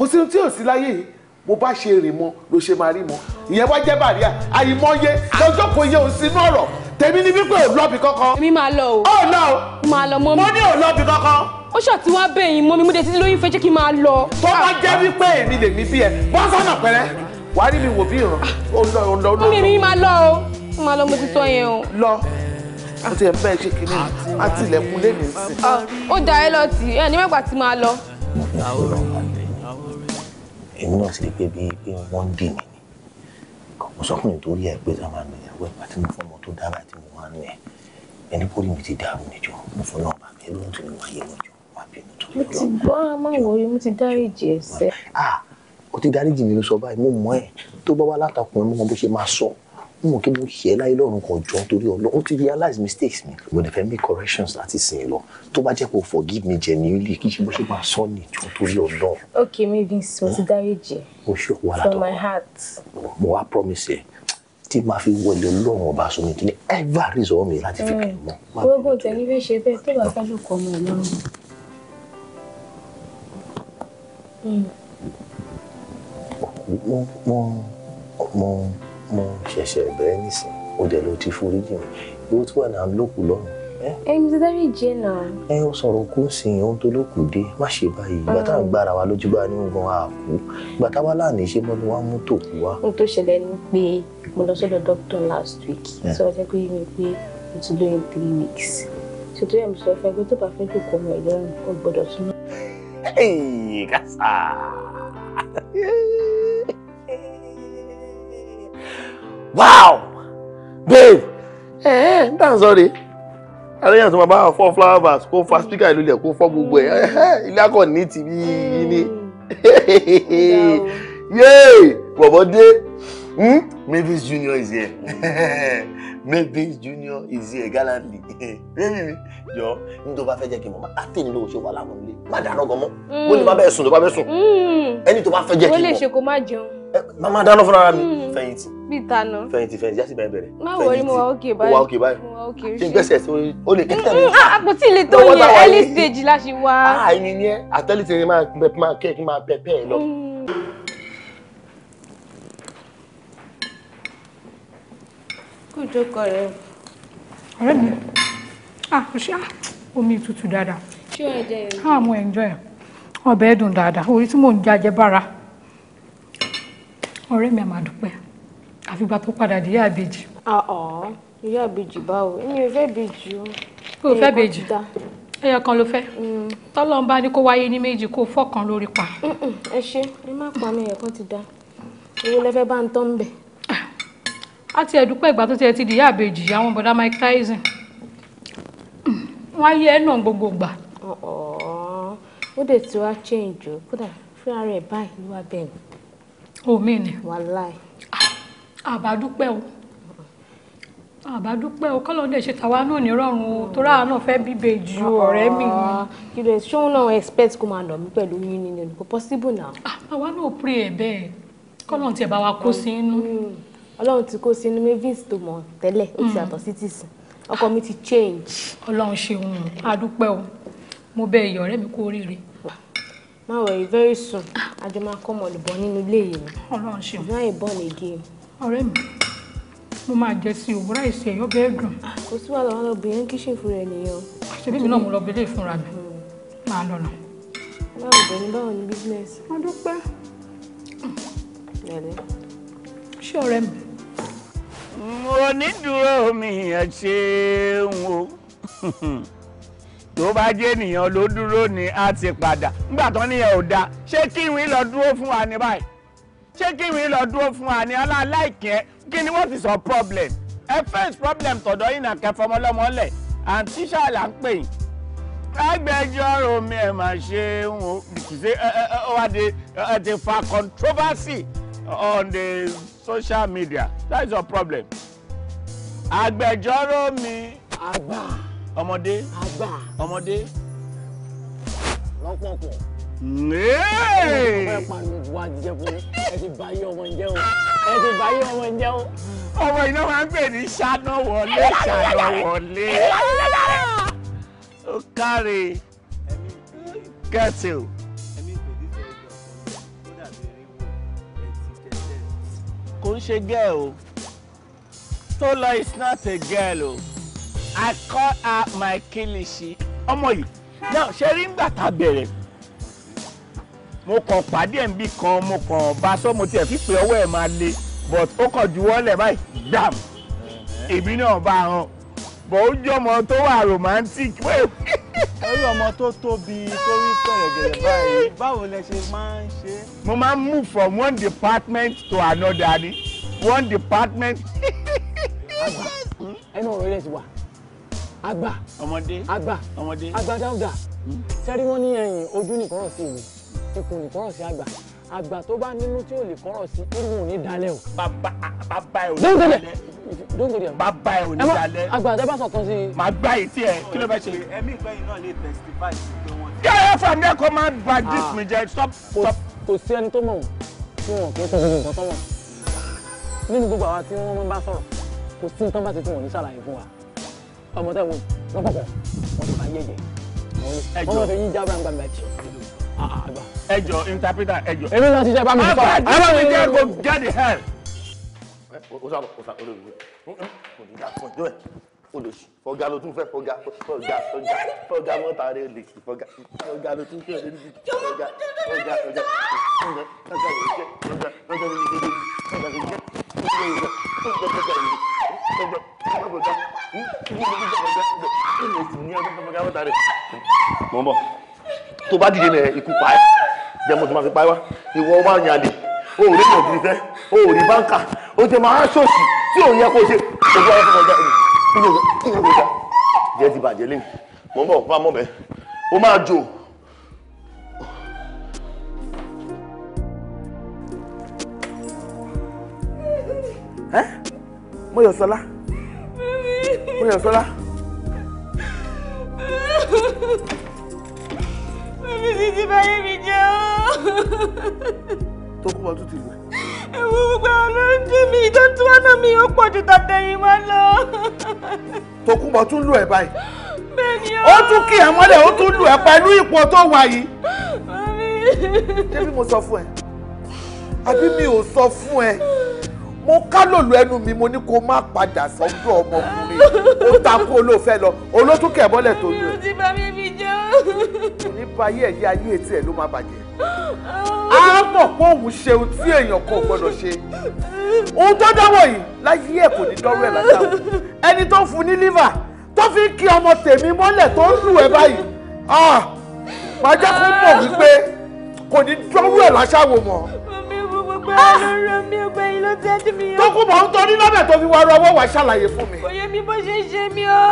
kò sí tí ò sí láyé yìí mo bá ṣe rè mọ ló ṣe máa rí mọ ìyẹn wá jẹ́ bàríà àyìmọ́yé lọ́jọ́ kò yẹ òun sínú ọ̀rọ̀ tèmi ni wípé ò lọ́bì kankan. èmi máa lọ o. ó lọ o. máa lọ mọ́mí. mo ní ò lọ́bì kankan. ó ṣàtì wá bẹ̀ yín mọ́mí mo dé títí lóyún fẹ́ kí n máa lọ. tó bá jẹ́ wípé èmi lè mí bí ẹ bọ́ sọ́nà pẹ̀rẹ́ wàá rí mi wò bí ìràn ó lọ ó lọ. mọ́mí mi máa lọ o máa lọ mo ti sọ yẹn o. lọ mo ti ẹ̀ bẹ́ẹ̀ ṣe kí ni àti lé mi sí. ó da ẹ lọ tì ẹ ní mẹ́gbà tí máa lọ èmi náà sì rí pé bíi pé wọ́n ń dì mí ni mo sọ fún nítorí ẹ̀ pé sábà mi ìyàwó ẹ̀ pàtí mo fọ́ ọmọ tó dára tí mo wá nù ẹ̀ ẹni kó lè mi ti dàrú níjọ mo fọ́ náà bàbá ẹ̀ lóhun tó ní wáyé lọ́jọ́ wà bí mo tó lọ́wọ́. mo ti gbọ́ amáwò mo ti dáríjì ẹ̀ṣẹ̀. ah o ti dáríjì mi ló sọ báyìí mo mọ ẹ tó bá wá látàkùn ẹ mo mọ bó ṣe máa sọ mo mọ̀ kí mo ṣe láyé lọ́rùn kan jọ torí ọlọ́run ti realize mistakes mi mo dẹ̀ fẹ́ corrections láti sìn lọ tó bá jẹ́ kó forgive me genuinely kí ṣe bó ṣe máa sọ ní jọ torí ọlọ́run. ok maybe so ti hm? dáríjì from my heart. mo wá promise ẹ tí màá fi wọlé ọlọ́run ọba sọ mi kí ni ever resolve mi láti fi mm. kàn mọ́. gbogbo tẹ̀lé fẹ́ ṣe bẹ́ẹ̀ tó bá fẹ́ ló kọ́ ọmọ ẹ̀ wọ́n wọ́n wọ́n mo ṣẹ̀ṣẹ̀ bẹ̀rẹ̀ nísìn O dẹ̀ ló ti foríjì mi ìwọ tí wà náà lókù lọ́rùn. ẹni tó dárí jẹ náà. ẹ ó sọ̀rọ̀ kó sì yàn ohun tó lókù dé má ṣe báyìí ìgbà táwọn gbára wa lójú bá nínú gan àkú ìgbà táwa láàánú ṣe mọ́ ni wọ́n á mú tòkú wa. ohun tó ṣẹlẹ̀ ni pé mo lọ sọ́dọ̀ doctor last week sọ wọ́n jẹ́ pé mi pé mo ti lóyún three weeks ṣètò ẹ̀ mo sọ fún ẹ pé tó bá fẹ́ dùn kọ́ ọmọ ẹ̀ lọ́rùn ó tún. ẹ̀ẹ́d wow babe ẹ ẹ dáǹsọ rè aláyàn tó máa bá fọ flower vase kó fa speaker ìlú ilẹ̀ kó fọ gbogbo ẹ eh, eh, ilé akọ ní tìbí yìí ni hmm. yay bọ̀bọ̀ dé hmm? Mavis Junior is here Mavis Junior is here gallantly baby jọ ní tó bá fẹ́ jẹ́ kí n mọ̀ máa tẹ̀ nílò òṣèwà láwọn ilé má dáná gan mọ́ ó ní má hmm. bẹ́ẹ̀ sùn tó bá bẹ́ẹ̀ sùn hmm. ẹni tó bá fẹ́ jẹ́ kí n mọ̀ ó lè ṣe kó má jẹun màmá eh, dáná fúnra mi hmm. fẹ̀yìntì. bíi tanu. fẹ̀yìntì fẹ̀yìntì yásí bẹ̀rẹ̀ bẹ̀rẹ̀. má wọrí mo wà òkè báyìí. mo wà òkè báyìí. mo wà òkè ṣe gbẹ́sẹ̀ sí o lè kẹ́kẹ́ mi. àpótí mm, ah, ah, ilé tó yẹ early stage la ṣe wá. a ah, ẹni ni ẹ àtẹ́lẹ̀ tẹ̀lé máa máa kẹ́ kí máa pẹ́pẹ́ ẹ lọ. Mm. kú ìjókòó rẹ. ọ̀rẹ́ mi ah ṣé omi tútù dáadáa. ṣé o ẹ jẹ ẹ. ah mo enjoy ọbẹ̀ dùn dáadáa orí tí mò ń jajẹ bára ọ̀rẹ́ mi àmàdúpẹ́ àfìgbà tó padà dé ìyá àbèjì. àọ̀ ìyá àbèjì báwo èmi ò fẹ́ bèjì o. kí o fẹ́ bèjì ẹyọ kan ló fẹ́ mm. tọ́lọ́n bá ní kó wáyé ní méjì kó fọ́kàn lórí pa. ẹ ṣe ẹ má pa mi ẹ̀yọ̀ kan ti da owó lẹ́fẹ́ bá ń tọ́ ń bẹ̀. Ah, a ti ẹ̀dúpẹ́ ìgbà tó ti ẹ ti di ìyá àbèjì àwọn bọ̀dá Mike Tyson wọ́n á yẹ ẹ́ náà gbogbo gbà. ó dẹ̀ tí wàá change o kódà fúnra rẹ̀ báyìí ló wá omi oh, ni. wàláì. àbádúpẹ́ ah, o àbádúpẹ́ o kọ́lọ́ dẹ̀ ṣe tàwa náà ní rọrùn o torí àwọn náà fẹ́ bíbe ju ọ̀rẹ́ mi ni. Ah, you dey show now expect kó máa lọ mí pẹ̀lú yín ni kò possible na. Ah, àwa náà pray ẹ̀ bẹ́ẹ̀ kọ́lọ́ tiẹ̀ bá wa kó sí inú. Mm. ọlọ́run ti kó sí inú mavis tó mọ̀ tẹ́lẹ̀ ó ti mm. yàtọ̀ sí tìsín ọkọ mi ti change. ọlọ́run ṣeun àdúpẹ́ o mo bẹ̀ ìyọ̀rẹ́ mi kú oríire má wọ̀rí very soon àjọ máa kọ́ mọ̀lùbọ́n nínú ilé yìí ni ọlọ́run ṣeun náà ìbọn lè gé e. ọ̀rẹ́ mi mo máa jẹ sí òwúrọ̀ ìṣe ẹ̀yọ́ bẹ́ẹ̀ dùn. Ah, kò sí wàhálà wọn lọbìnrin kì í ṣe fún rẹ nìyẹn. ṣèbí mi náà mo lọ bẹ̀lẹ̀ ìfúnra mi hmm. máa lọ nà. báwo bẹ̀rẹ̀ ní báwo ni business. wọ́n dúpẹ́. ẹ̀lẹ́. ṣé ọ̀rẹ́ mi. mo ní dúró mi ẹ̀ ṣeun o. tó bá jẹ́ ènìyàn ló dúró ni a ti padà nígbà tán nìyẹn ò dáa ṣé kí kíwìn lọ dúró fún wa ní báyìí ṣé kí kíwìn lọ dúró fún wa ní aláìkẹ́ kí ni wọ́n ti sọ problem ẹ face problem tọ̀dọ̀ yìí nà kẹfọ́ ọmọlọ́mọ lẹ̀ àǹtí ṣáàlà ń pè yín agbẹjọ́rò mi ẹ̀ máa ṣe ń wò ṣe ẹ ti fa controversy on the social media that is your problem agbẹjọ́rò mi àgbà. ọmọdé àgbà ọmọdé lọ́pọ̀pọ̀. ọmọ iná máa ń pè ní ṣáná wọlé ṣáná wọlé ó káre kẹtìl. kò ń ṣe gẹ́ẹ̀ o tó lọ is not a girl o. I call her my kilishi ọmọ yìí náà ṣe rí ń gbà tá a bẹ̀rẹ̀ mo kàn pàdé ẹ̀ ń bì kan mo kàn bá sọ mo tiẹ̀ fi pé ọwọ́ ẹ̀ máa le but ó kàn juwọ́ lẹ̀ báyìí dam èmi náà bá a hàn bọ̀ ó jẹ́ ọmọ tó wà romantic wẹ́ẹ̀. ẹrú ọmọ tó tóbi tó rí pẹ̀rẹ̀gẹ̀rẹ̀ báyìí báwo lẹ ṣe máa ń ṣe. mo máa ń move from one department to another ni one department. Hmm? ẹnu ọ̀rọ̀ ilé ti wà. Agba ọmọdé Agba ọmọdé Agba dáúdà sẹ́rí wọ́n ní ẹ̀yìn ojú nìkan sí ìwé ikùn nìkan sí àgbà àgbà tó bá nínú tí ò lè kọ́rọ̀ sí irú ò ní dalẹ̀ o. bàbá bàbá ẹ ò ní dalẹ̀ dóńgòdì ẹ. bàbá ẹ ò ní dalẹ̀. àgbà tẹ bá sọ kan sí i. màá gbá etí ẹ kí ló fẹ́ ṣe. ẹ̀mí ìgbẹ́yìn náà lè testify sí pé wọ́n. kí ẹ̀yẹ́ fàmí ẹ̀kọ́ máa ń dis mi jẹ stop stop. kò sí ẹni tó mọ̀ wọ́n tí wọ́n kì í sọ gbogbo nǹkan tó mọ̀ nínú gbogbo àwa tí wọ́n bá sọ̀rọ̀ kò sí nǹkan bá ti fún wọn ní ṣàlàyé fún wa ọmọ tẹ́ wo lọ́kọ̀ọ̀kọ̀ wọ́n ti bá yé jẹ ẹjọ ọmọ tẹ yí já ah, mẹ́tì. ẹjọ interpreter ẹjọ. èmi náà ti jẹ bá mi sọ. àbá mi jẹ kó get the hell. o sábà o sábà olórí olùdá fún ìjọ ẹ olùsí fọgá ló tún fẹ́ fọgá fọgá fọgá fọgá mọta rẹ lè fọgá fọgá ló tún fẹ́ lórí bí fọgá fọgá fọgá fọgá fọgá fọgá fọgá fọgá fọgá fọgá fọgá fọgá fọgá fọgá fọgá fọgá mọ̀ bọ̀ tó bá dìde nẹ̀ ikú pa ẹ́ jẹ́ mo ti máa fi pa ẹ́ wá ìwọ wá ń yàlè o ò rí mọ̀ bí fẹ́ o ò rí báńkà o ti máa ń ṣòṣì tí òun yẹ kó ṣe òun wá fún ọjà ìlú kí ló kọjá jẹ́ ti bàjẹ́ lẹ́yìn mọ̀ pa mọ̀ bẹ́ẹ̀ o máa jò. Huh? Mọ́yọ̀sọ́lá. Mọ́yọ̀sọ́lá. Bàbá mi ti báyé mi jẹ́ o. Tó kú bọ́ tó ti lù ẹ́. Ewu gbogbo àwọn ló ń dùn mí tó tún wá náà mi ó pọ̀ ju tàtẹ̀yìn wá lọ. Tó kú bọ́ tún lù ẹ́ báyìí. Bẹ́ẹ̀ni o. Ó tún kí ẹ mọ́lẹ̀ ó tún lù ẹ́ pẹ̀lú ipò tó wà yìí. Bàbá Débí mo sọ fún ẹ. Àbí mi ò sọ fún ẹ mo ká lòlù ẹnu mi mo ní kó má padà sọ́dọ̀ ọmọkùnrin ó takú olóòfẹ́ lọ olótúkẹ̀ bọ́lẹ̀ tó lù ẹ̀. ti bá mi fi jẹ́ o. nípa ayé ẹ̀yẹ ayé etí ẹ̀ ló má bàjẹ́. Ah. a mọ̀ pé òun ṣe ohun tí èèyàn kan ò gbọ́dọ̀ ṣe. ohun tó dáwọ̀ yìí láyé ẹ̀ kò ní dọ́rọ̀ ẹ̀ lájà ẹni tó fún ní lífà tó fi kí ọmọ tèmi mọ́lẹ̀ tó ń lù ẹ̀ báyìí ah, máa jẹ́ kó mọ̀ wípé kò ní dọ́rọ̀ ẹ̀ láṣàwò mọ́ agbára ah! lọ́rọ̀ mi ọgbà yìí ló tẹ́ dì mí o. tókù mọ̀ ń torí lọ́bẹ̀ tó fi wá rọwọ́ wá ṣàlàyé fún mi. kò yẹ mi bó ṣe ṣe mí o.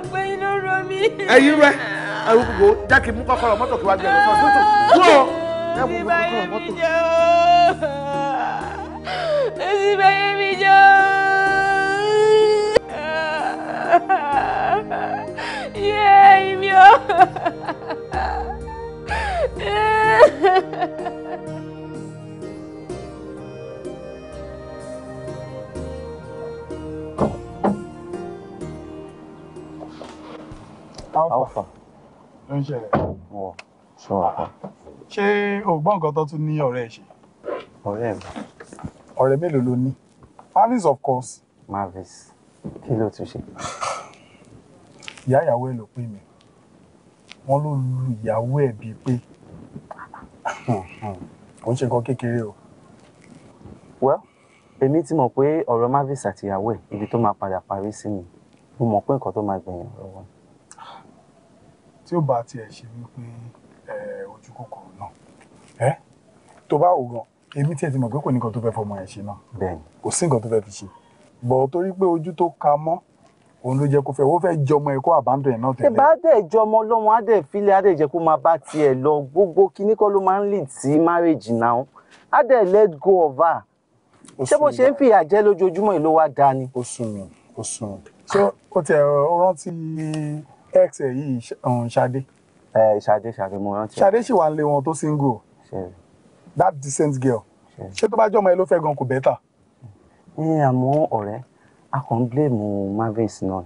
ọgbà yìí ló rọ mi. ẹyin rẹ ẹrù gbogbo jákè mú kọ́kọ́rọ́ mọ́tò kí wàá gbẹrù fún ọsùn tó. ẹ ah! wò mú kọ́kọ́rọ́ mọ́tò. ń ṣẹlẹ̀. wọ sọ ṣé o gbọ́ nǹkan tó tún ní ọ̀rẹ́ ẹ̀ ṣe. ọ̀rẹ́ mi. ọ̀rẹ́ mélòó ló ní. Marvis of course. Marvis kí ló tún ṣe. ìyá ìyàwó ẹ̀ ló pè mí wọ́n ló lu ìyàwó ẹ̀ bíi pé kò ń ṣe nǹkan kékeré o. well èmi ti mọ̀ pé ọ̀rọ̀ Marvis àtìyàwó ẹ̀ ibi tó máa padà parí sí ni mo mọ̀ pé nǹkan tó máa gbẹ̀yìn ọ̀rọ̀ wọn tí ó bá tiẹ̀ ṣe wípé ojú kòkòrò náà ẹ tó bá wò gan èmi tiẹ̀ ti mọ̀ pé kò ní nǹkan tó fẹ́ fọmọ ẹ̀ ṣe náà bẹ́ẹ̀ni kò sí nǹkan tó fẹ́ fi ṣe bọ̀ torí pé ojú tó ka mọ́ òun ló jẹ́ kó fẹ́ ó fẹ́ jọmọ ẹ̀kọ́ àbándọ̀ ẹ̀ náà tẹ́lẹ̀. ìbá dẹ̀ jọmọ lọ́mọ á dẹ̀ fílẹ̀ á dẹ̀ jẹ́ kó máa bá tiẹ̀ lọ gbogbo kinní kọ́ ló máa ń lead sí marriage now á dẹ̀ let go of her. ṣé bó ṣe ń fìyà jẹ lójoojúmọ́ ìlú wa dá ó sùn mí ó sùn mí. ṣé ó tẹ ọ rántí X ẹ̀ yìí um, ṣadé. ẹ ṣadé ṣadé mo rántí. ṣadé ṣì wà ń lé wọn tó single that decent girl ṣé tó bá jọmọ ẹ ló fẹ́ gan kò bẹ́tà. ẹ àmọ́ ọ̀rẹ́ a kàn ń blame Marvins náà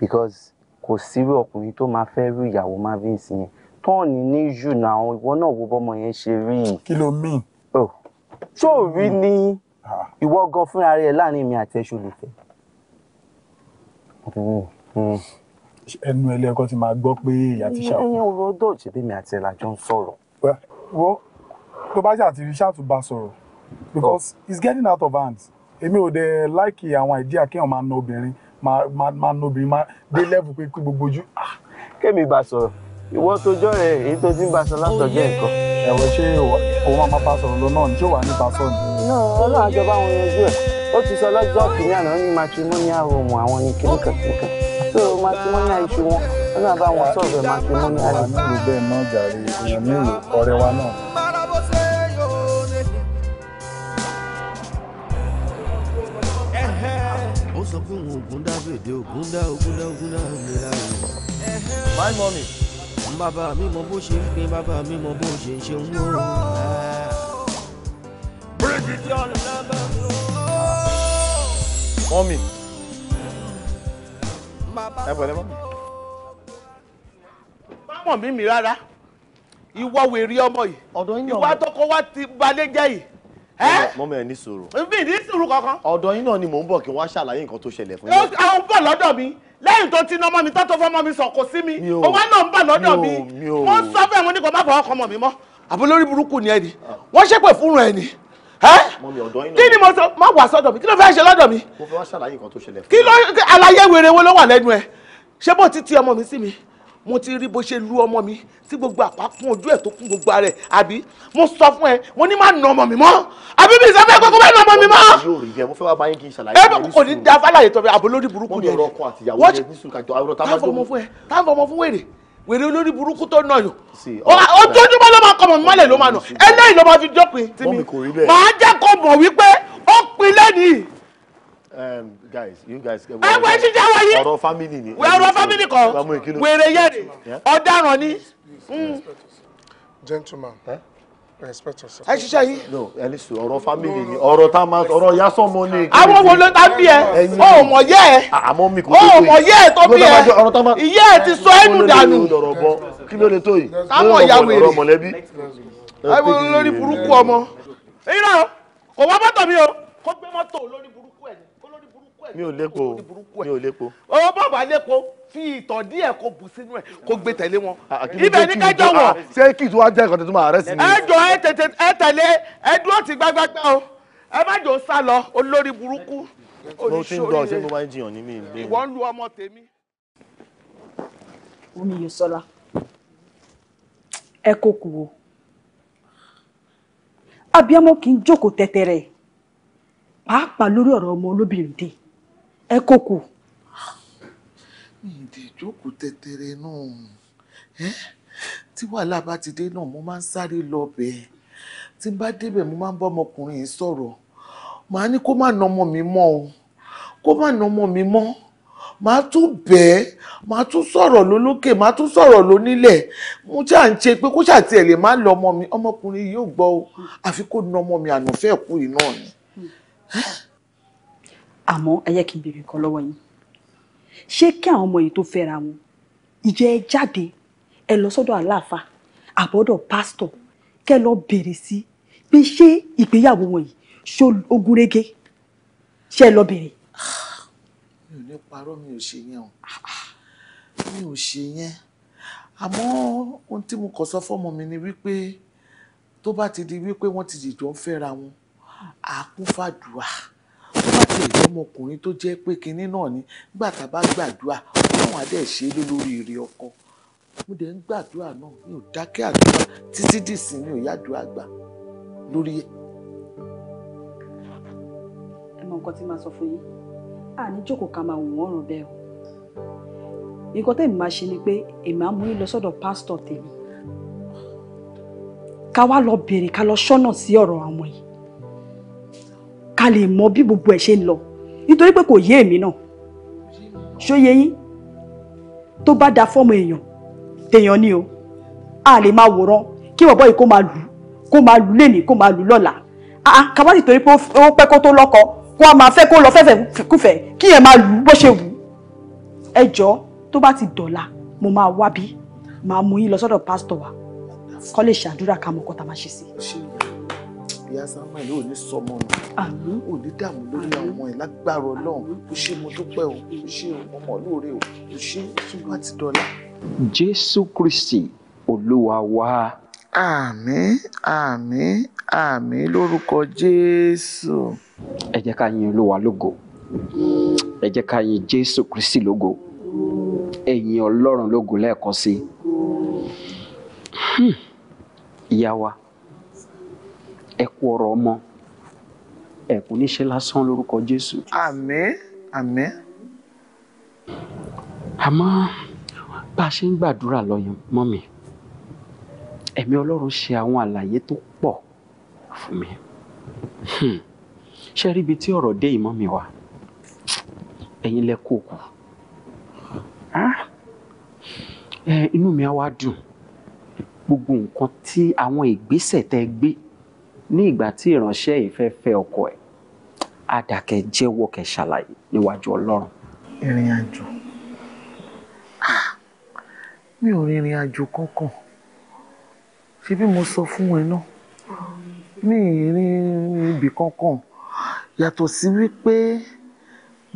because kò sírú ọkùnrin tó máa fẹ́ rú ìyàwó Marvins yẹn tọ́ọ̀nì ní jù náà ìwọ náà wo bọ́mọ yẹn ṣe rí. kí ló mean. tó oh. rí hmm. ní ah. ìwọ gan fúnra rẹ láàrin mi àti ẹṣọ lè ẹnu ẹlẹ́ ẹ̀kọ́ ti máa gbọ́ pé ìyá ti ṣàkóso. ìyẹn ọ̀rọ̀ ọdọ̀ ṣe bí mi àti ẹ̀ lájọ ń sọ̀rọ̀. wo tó bá ṣàti rí ṣáàtú bá sọ̀rọ̀ because oh. it's getting out of hand èmi ò dẹ̀ láìkì àwọn idea kéèyàn máa na obìnrin máa na obìnrin máa dé level pé kí gbogbo ojú. Ah. kémi bá sọ̀rọ̀ ìwọ tó jọ rẹ èyí tó ti ń bá sọ látọjọ́ nǹkan. ẹ̀wọ̀ ṣé òun máa bá sọ̀rọ̀ lọ náà ní ṣé wàá ní bá sọ̀rọ̀ ni. náà ọlọ́run àjọba àwọn yanjú ẹ̀ ó ti sọ lọ́jọ́ kìnìún àná ní matrimonial home àwọn ní kíníkan kíníkan so matrimonial issue wọn wọn náà wọn sọ̀rọ̀ matrimonial issue. àwọn ìlú bẹ́ẹ̀ náà jàre èèyàn mélòó ọ̀rẹ́ wa náà. my mommy. bàbá mi mọ bó ṣe ń pín bàbá mi mọ bó ṣe ń ṣe ń wọ́n. bíríkì ẹ bọ̀ lẹ́mọ̀. bámọ̀ mi mi rárá ìwọ wèrè ọmọ yìí ìwà tọkọ wa ti balẹ̀ jẹ́ yìí mọ́mọ́ ẹ ní sùúrù. mi ní sùúrù kankan. ọ̀dọ̀ yín náà ni mò ń bọ̀ kí wọ́n á ṣàlàyé nǹkan tó ṣẹlẹ̀ fún yín. àwọn bọ̀ lọ́dọ̀ mi lẹ́yìn tó ti ná ọmọ mi tó tó fọmọ mi sọ kò sí mi òun náà ń bọ̀ lọ́dọ̀ mi wọ́n sọ bẹ́ẹ̀ mo ní kò má fọwọ́ kọmọ mi mọ́. àbúlórí burúkú ni ẹ ni wọ́n ṣépè fúnra ẹ ni kí ni mo sọ má wà sọ́dọ̀ mi kí ló fẹ́ ṣe lọ́dọ̀ mi. mo fẹ́ wá ṣàlàyé nǹkan tó ṣẹlẹ̀. kí ló àlàyé wèrè wo ló wà lẹ́nu ẹ̀ ṣé bó ti ti ọmọ mi sí mi mo ti rí bó ṣe lu ọmọ mi tí gbogbo àpá kún ojú ẹ̀ tó kún gbogbo ara ẹ̀ àbí mo sọ fún ẹ mo ní má nà ọmọ mi mọ́ àbí mi sọ fún ẹ kókó má nà ọmọ mi mọ́. yóò rí bẹ́ẹ̀ mo fẹ́ wá báyìí kí n ṣàlàyé. ẹ bẹ kò ní da fàlàyé tọ́ bẹ àbò lórí burúkú ni wọ́n yọrọ ọkọ àtìyàwó tá a máa dọ̀ mọ́. táǹfọ̀ ọmọ fún ẹ táǹfọ̀ ọmọ fún wèrè wèrè olórí burúkú tó nà yàn ojoojúmọ́ ló máa kọmọ̀ mọ́lẹ̀ ló máa nà eléyìí ló máa fi dọ́pin tí mi màá jẹ́ kó mọ̀ wípé ó pin lẹ́nìí. Um, guys, you guys. wáyé ọ̀rọ̀ family kan wèrè yẹn ọ̀daràn ni. gentleman. Eh? respect yourself. no ẹ ní sùn family ni ọ̀rọ̀ tá a máa ọ̀rọ̀ ìyá sọ́mọ ni. àwọn wo ló ta bí ẹ ọ mọ yẹ ẹ ọ mọ yẹ ẹ tó bí ẹ ìyá ẹ ti sọ ẹnu dànù. kí ló lè tó yìí. káwọn ìyá wèrè ọ̀rọ̀ mọ̀lẹ́bí. ẹ wo lórí burúkú ọmọ. èyí náà kò wá mọ́tò mi o kó gbé mọ́tò lórí burúkú ẹ̀ ní mi ò lépo mi ò lépo. owó bàbá lépo fi ìtọ̀ díẹ̀ kó bù sínú ẹ̀ kó gbé tẹ̀lé wọn. ibẹ̀ ní kẹjọ wọ̀. ṣé kí ìtura jẹ́ ìkọ̀tẹ́ tó máa rẹ́ sí mi. ẹ jọ ẹ tètè ẹ tẹ̀lé ẹ dúró ti gbágbágbá o ẹ má jò sá lọ olórí burúkú. mo ti ń gbọ́ ṣé mo máa ń jiyàn ní mi. ìwọ ń lu ọmọ tèmi. omi yóò sọlá ẹ kó kú o abiyamọ kì í jókòó tẹtẹrẹ pàápàá lórí ọ̀rọ̀ ọmọ olóbìnrin dé ẹ kò kù. ǹdè ìjókòó tẹ̀tẹ̀rẹ̀ náà tí wàhálà bá ti dé náà mo máa ń sáré lọ bẹ́ẹ̀ tí n bá débẹ̀ mo máa ń bá ọmọkùnrin yìí sọ̀rọ̀ màá ní kó má nà ọmọ mi mọ́ o kó má nà ọmọ mi mọ́ màá tún bẹ́ẹ̀ màá tún sọ̀rọ̀ lólókè màá tún sọ̀rọ̀ lónílẹ̀ mo ṣáà ń ṣe pé kó ṣáà tiẹ̀ lè má lọ ọmọ mi ọmọkùnrin yìí ò gbọ́ o àfi kó nà mi ànàfẹ́ kú yìí náà ni. Hmm àmọ́ ẹ yẹ kí n béèrè kan lọ́wọ́ yín ṣé kí àwọn ọmọ yìí tó fẹ́ra wọn ìjẹ́ ẹ jáde ẹ lọ sọ́dọ̀ aláàfáà àbọ̀dọ̀ pásítọ̀ kẹ́ lọ béèrè sí pé ṣé ìgbéyàwó wọn yìí ṣó ogún régé ṣé ẹ lọ béèrè. mi ò ní parọ́ mi ò ṣe yẹn o mi ò ṣe yẹn àmọ́ ohun tí mo kàn sọ fọ́mọ mi ni wípé tó bá ti di wípé wọ́n ti dìjọ́ fẹ́ra wọn àákún Ah lè jẹ́ ọmọkùnrin tó jẹ́ pé kinní náà ni nígbà tá a bá gbàdúrà ọlọ́run á dẹ̀ ṣe é lórí ire ọkọ mo dẹ̀ ń gbàdúrà náà mi ò dákẹ́ àdúrà títí dìsìn mi ò yádùá gbà lórí ẹ̀. ẹ mọ nǹkan tí màá sọ fún yín àní jókòó ká máa wò wọ́n ràn bẹ́ẹ̀ o nǹkan tẹ́mi máa ṣe ni pé èmi á mú yín lọ sọ́dọ̀ pásítọ̀ tèmi ká wá lọ béèrè ká lọ ṣọ́nà sí ọ̀rọ̀ àwọn yìí ká lè mọ bí gbogbo ẹ̀ ṣe ń lọ nítorí pé kò yé èmi náà ṣó yé yín tó bá da fọ́ọ̀mù èèyàn tèèyàn ni o a lè máa wòran kí bọ̀bọ́ yìí kó máa lù kó máa lù lẹ́nìí kó máa lù lọ́la àá kàwá nítorí pé ó pẹ́ kó tó lọ́kọ kó a máa fẹ́ kó lọ fẹ́fẹ́ kúfẹ́ kí yẹn máa lù bó ṣe wù ẹ jọ tó bá ti dọ̀la mo máa wá bí màá mú yín lọ sọ́dọ̀ pásítọ̀ wa kó ṣàdúrà ká mọ̀ kó máa ṣe sí i ìyá samuel ò ní sọmọ nù ò ní dààmú lórí àwọn ẹ lágbára kò ṣe mo dúpẹ́ o kò ṣe ọmọ lóore o kò ṣe tún bá ti dọlà. jésù kristi olúwa wa. àmín àmín àmín lórúkọ jésù. ẹ jẹ́ ká yin olúwa lógo ẹ jẹ́ ká yin jésù kristi lógo ẹ yin ọlọ́run lógo lẹ́ẹ̀kan sí i. Hmm. ìyá wa ẹ kú ọ̀rọ̀ ọmọ ẹ kò ní ṣe lásán lórúkọ Jésù. àmín àmín. àmọ́ bá a ṣe ń gbàdúrà lọ́yìn mọ́ mi ẹ̀mí Ọlọ́run ṣe àwọn àlàyé tó pọ̀ fún mi hmm. ṣe rí ibi tí ọ̀rọ̀ dé ìmọ̀ mi wá ẹ̀yin lẹ kó kù inú mi á wá dùn gbogbo nǹkan tí àwọn ìgbésẹ̀ tẹ́ gbé ní ìgbà tí ìránṣẹ́ yìí fẹ́ fẹ́ ọkọ ẹ̀ àdàkẹ́ jẹ́wọ́ kẹ́ ṣàlàyé níwájú ọlọ́run. ìrìn àjò ah, mi ò rìnrìn àjò kankan ṣe bí mo sọ fún ẹ náà mi ìrìn ibì kankan yàtọ̀ sí wípé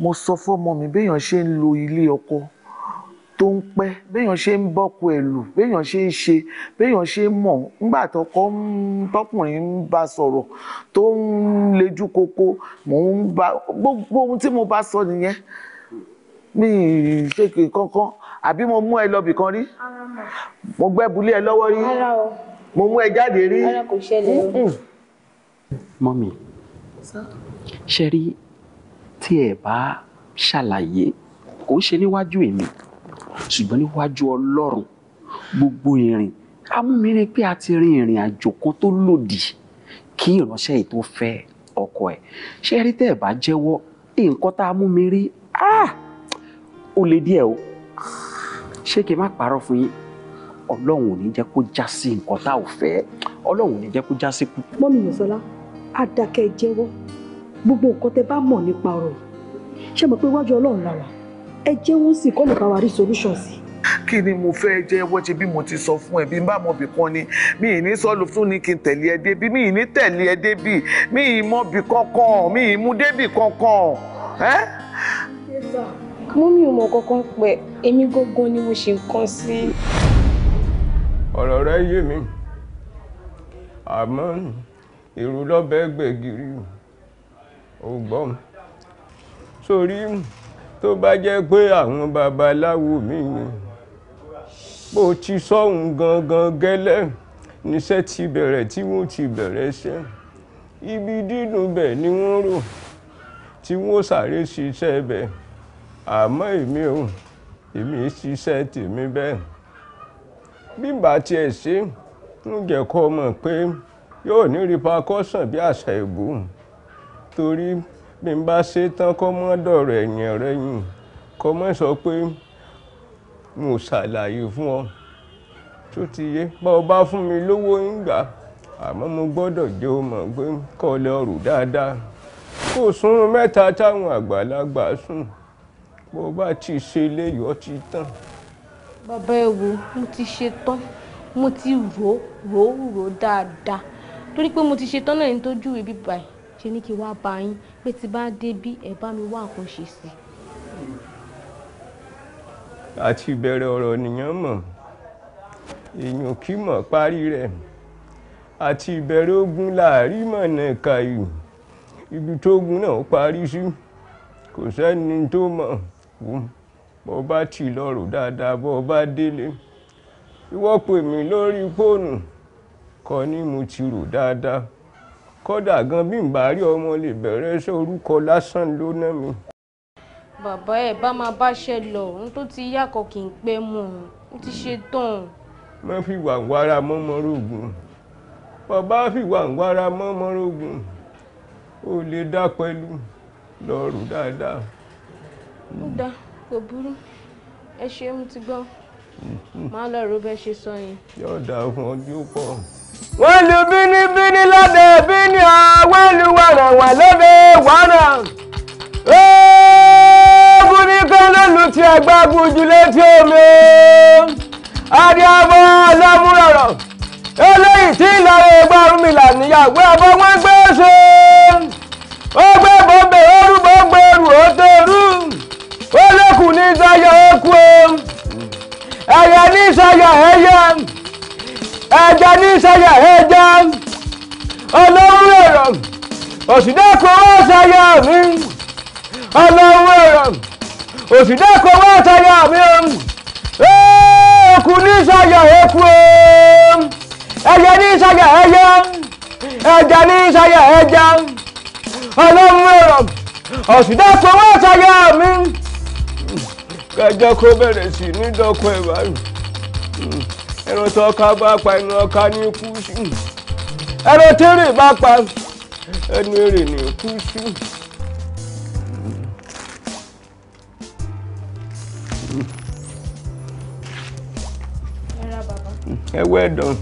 mo sọ fọ́mọ mi béèyàn ṣe ń lo ilé ọkọ tó ń pẹ́ béèyàn ṣe ń bọ́kọ ẹ̀ lù béèyàn ṣe ń ṣe béèyàn ṣe ń mọ̀ ńgbà tọkọ tọkùnrin ń bá sọ̀rọ̀ tó ń lejú koko mò ń bá gbogbo ohun tí mo bá sọ nìyẹn mi ṣe kì í kankan àbí mo mú ẹ lọ bìkan rí mo gbẹ́bulé ẹ lọ́wọ́ rí mo mú ẹ jáde rí. mọ́mì ṣe rí tí ẹ bá ṣàlàyé kò ń ṣe níwájú èmi ṣùgbọ́n níwájú ọlọ́run gbogbo ìrìn amúmírin pé a ti rin ìrìn àjò kan tó lòdì kí ìránṣẹ́ yìí tó fẹ́ ọkọ ẹ̀ ṣé rí tẹ́ ẹ̀ bá jẹ́wọ́ nǹkan tá a mú mi rí ah! ó le díẹ̀ o ṣé kí n má parọ́ fún yín ọlọ́run ò ní jẹ́ kó já sí nǹkan tá ò fẹ́ ọlọ́run ò ní jẹ́ kó já sí kú. mọ́mí yọ̀sọ́lá àdàkẹ́ jẹ́wọ́ gbogbo nǹkan tẹ bá mọ̀ nípa ọ̀rọ̀ yìí ṣé mọ̀ pé iwájú ọlọ́run la ẹ jẹ́ wọ́n sì kọ́ lè bá wa rí solution sí. kí ni mo fẹ́ jẹ́ wọ́n ṣe bí mo ti sọ fún ẹ bí n bá mọ ibì kan ni mi ì ní sọ́ọ̀lù fún ni kí n tẹ̀lé ẹ débi mi ì ní tẹ̀lé ẹ débi mi ì mọ ibì kankan mi ì mú débi kankan. mo mi ò mọ kankan pé èmi gangan ni mo ṣe nǹkan sí. ọ̀rọ̀ rẹ yé mi àmọ́ èrò lọ́bẹ̀ẹ́ gbẹ̀gìrì ò gbọ́ sórí. So, tó bá jẹ́ pé àwọn babaláwo mi ni bó ti sọ́hun gangan gẹ́lẹ́ níṣẹ́ ti bẹ̀rẹ̀ tí wọ́n ti bẹ̀rẹ̀ ṣẹ́ ibi dídùn bẹ̀ ni wọ́n rò tí wọ́n sáré ṣiṣẹ́ bẹ̀ àmọ́ èmi ò èmi ṣiṣẹ́ tèmi bẹ́ẹ̀ bí tiẹ̀ ṣe ń jẹ́ mọ̀ pé yóò ní rìpakọ́sàn bí àṣà ìbú torí bí n bá ṣe tán kọ́ mọ́ dọ̀rọ̀ ẹ̀yìn ọ̀rẹ́ yìí kọ́ mọ́ sọ pé mo ṣàlàyé fún ọ tó ti yé bá o bá fún mi lówó ń gbà àmọ́ mo gbọ́dọ̀ jẹ́ o mọ̀ pé kọ́ ọ lẹ ọrù dáadáa kò sún mẹ́ta táwọn àgbàlagbà sùn bó o bá ti ṣe eléyìí ọ ti tán. bàbá ẹ wo mo ti ṣe tán mo ti rò ó rò rò dáadáa torí pé mo ti ṣe tán náà ní tójú ìbí báyìí ṣe ní kí wá bá yín pé tí bá dé bí ẹ bá mi wá nǹkan ṣe sí. àti ìbẹ̀rẹ̀ ọ̀rọ̀ nìyẹn mọ̀ èèyàn kì í mọ̀ parí rẹ̀ àti ìbẹ̀rẹ̀ ogun láàrí mọ̀nà kàyù ibi tógun náà parí sí kò sẹ́ni tó mọ̀ wò bọ́ bá tì lọ́rùn dáadáa bọ́ bá délé ìwọ pè lórí fóònù kọ́ ni mo ti rò dáadáa kódà gan bí n bá rí ọmọ lè bẹ̀rẹ̀ iṣẹ́ orúkọ lásán ló ná mi. bàbá ẹ bá máa báṣẹ lọ ohun tó ti yàkọ kì í pẹ́ mu ó ti ṣe tán. má fi wàǹwàrà mọ́mọ́rògùn bàbá fi wàǹwàrà mọ́mọ́rògùn ó lè dá pẹ̀lú lọ́rù dáadáa. ó dáa kò burú ẹ ṣe é mo ti gbọ́ mm-hmm. máa lọ bẹ́ẹ̀ ṣe sọ yẹn. yóò dáa fún ọ pọ̀ wọ́n lu bínibíní lọ́dẹ bíní ọ wọ́n lu wàràwà lọ́dẹ wàrà. oògùn nìkan ló lu ti ẹ̀gbá bujulé tí omi adiabọ ọlọ́múrọ̀rọ̀ eléyìí tí ìlànà ẹgbẹ́ Ọ̀rúnmìlà níyàwó ẹ̀bọ wọn gbé ṣe ó gbé bọ́m̀bẹ̀ orúbọ̀ gbèrú ó torú ó lékùn ní sayọ̀ ó kú ẹ̀yẹ ní sayọ̀ ẹ̀yẹ ẹja ní sẹ́yà ẹja ọlọ́run èrò òsìdẹ́kọ̀ wọ́n sẹ́yà mi ọlọ́run èrò òsìdẹ́kọ̀ wọ́n sẹ́yà mi òkú ní sẹ́yà òkú ẹja ní sẹ́yà ẹja ẹja ní sẹ́yà ẹja ọlọ́run èrò òsìdẹ́kọ̀ wọ́n sẹ́yà mi kẹjọ kó bẹ̀rẹ̀ sí ní dọ́kọ̀ ìbáyìí ẹran tó ọká bá pa ẹnu ọká ní kúṣù ẹran tẹ́rẹ̀ bá pa ẹnu èrè ní kúṣù. ẹwẹ́ ẹ̀dán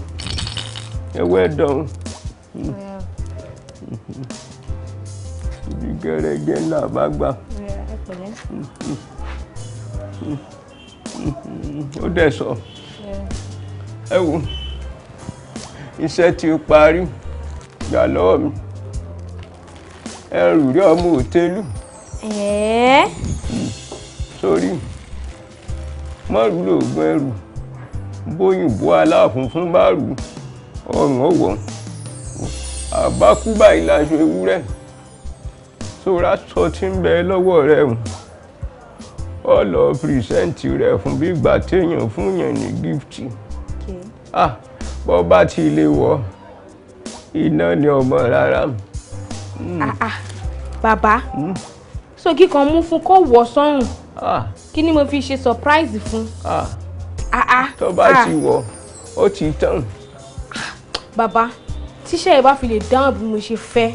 ẹwẹ́ ẹ̀dán ibi gẹ́rẹ́gẹ́ náà bá gbà. ó dẹ̀ sọ. Yeah ẹ wo iṣẹ́ tí ó parí gbà lọ́wọ́ mi ẹrù rí ọmọ òtélù. sórí mọ́rù lóògùn ẹrù bóyìnbó aláfunfún bá rù ọ̀rùn ọ̀wọ̀ àbákúbà ìlàjọ ewúrẹ́ sóra sọ tí ń bẹ lọ́wọ́ rẹ hùn ọ̀lọ́ pìrìsẹ́ǹtì rẹ̀ fún bí gbà téèyàn fún yẹn ní gíftì. Ah, bọ́ bá ti lè wọ̀ iná ni ọmọ rárá. Hmm. Ah, ah, bàbá hmm. so kíkan mú fún kó wọ̀ sọ́run ah. kí ni mo fi ṣe surprise fún. tó bá ti wọ̀ ó ti tán. bàbá tíṣẹ́ ẹ bá fi lè dáhùn bí mo ṣe fẹ́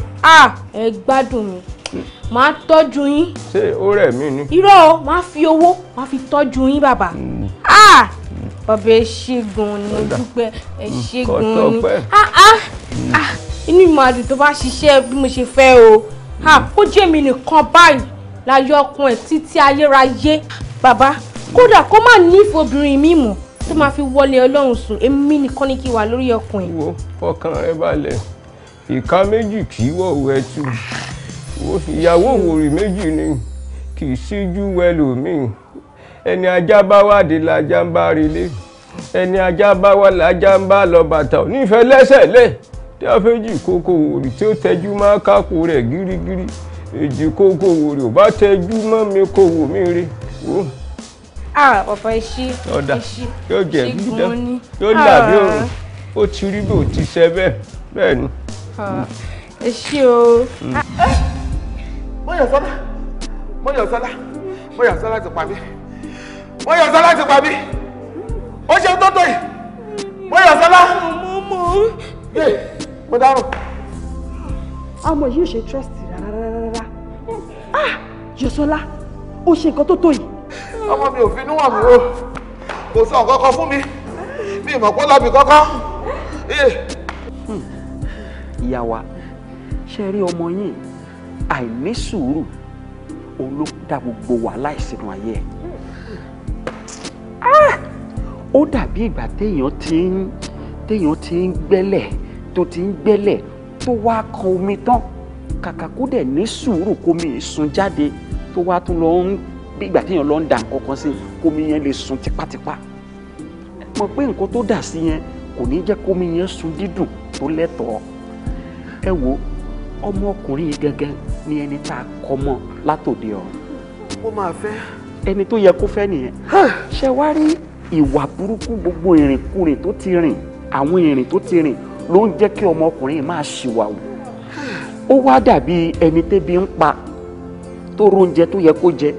ẹ gbádùn mi màá tọ́jú yín. ṣé ó rẹ̀ mí ni. irọ́ o màá fi owó màá fi tọ́jú yín bàbá. Hmm bàbá ẹ ṣé gan ni dúpẹ́ ẹ mm, ṣé ni ah ah ah inú mi máa dùn tó bá ṣiṣẹ́ bí mo ṣe fẹ́ o ah jẹ́ mi nìkan báyìí láyé ọkùnrin ẹ̀ títí ayérayé bàbá kódà kó má nífẹ̀ẹ́ obìnrin mi mọ̀ tó máa fi wọlé ọlọ́run sùn èmi nìkan ní kí wà lórí ọkùnrin. wo ọkàn rẹ balẹ̀ ìka méjì kì í wọ̀ wẹ́ tù ìyàwó òwòrì méjì ni kì í síjú wẹlòmíì. ẹni ajá bá wádìí lajá ń bá relé ẹni ajá bá wá lajá ń bá lọ bàtà onífẹ́ lẹ́sẹ̀ lẹ̀ tí a fẹ́ kókó tí ó tẹjú máa kákó rẹ̀ gírígírí èjì kókó wòrì ò bá tẹjú mọ́ mi kó wò mí re wò. ọ̀fọ̀ ni ó ti rí bí ti ṣe bẹ́ẹ̀ bẹ́ẹ̀ ni. ẹ ṣé o. Mọ́yọ̀sọ́lá mm. ah. Mọ́yọ̀sọ́lá ti pa mí. wọ́n yọ̀ sọ́lá ti pa mí ó ṣe tó tó yìí wọ́n yọ̀ sọ́lá. mo mọ mo dárò. ọmọ yìí ò ṣe trust rárá ah yọ̀sọ́lá ó ṣe nǹkan tó tó yìí. ọmọ mi ò fi inú hàn mí o kò sọ nǹkan kan fún mi mi ì mọ̀ kó lọ́bì kankan. ìyá wa ṣe rí ọmọ yín àìní sùúrù òun ló dá gbogbo wàhálà ìsinú ayé ẹ̀. Ah! ó dàbí ìgbà téèyàn ti ń téèyàn ti ń gbẹ́lẹ̀ tó ti ń gbẹ́lẹ̀ tó wá kan omi tán kàkà kó dẹ̀ ní sùúrù kómi sun jáde tó wá tún lọ ń bí ìgbà téèyàn lọ ń dà nǹkan kan sí kómi yẹn lè sun tipátipá mọ̀ pé nǹkan tó dà sí yẹn kò ní jẹ́ kómi yẹn sun dídùn tó lẹ́tọ̀ọ́ ẹ wo ọmọkùnrin gẹ́gẹ́ ni ẹni tá a kọ́ mọ́ látòde ọ̀run. ó máa fẹ́ ẹni tó yẹ kó fẹ́ nìyẹn ṣe wá rí ìwà burúkú gbogbo ìrìnkúrìn tó ti rìn àwọn ìrìn tó ti rìn ló ń jẹ́ kí ọmọkùnrin máa ṣìwàwù ó wá dàbí ẹni tébi ń pa tó róúnjẹ tó yẹ kó jẹ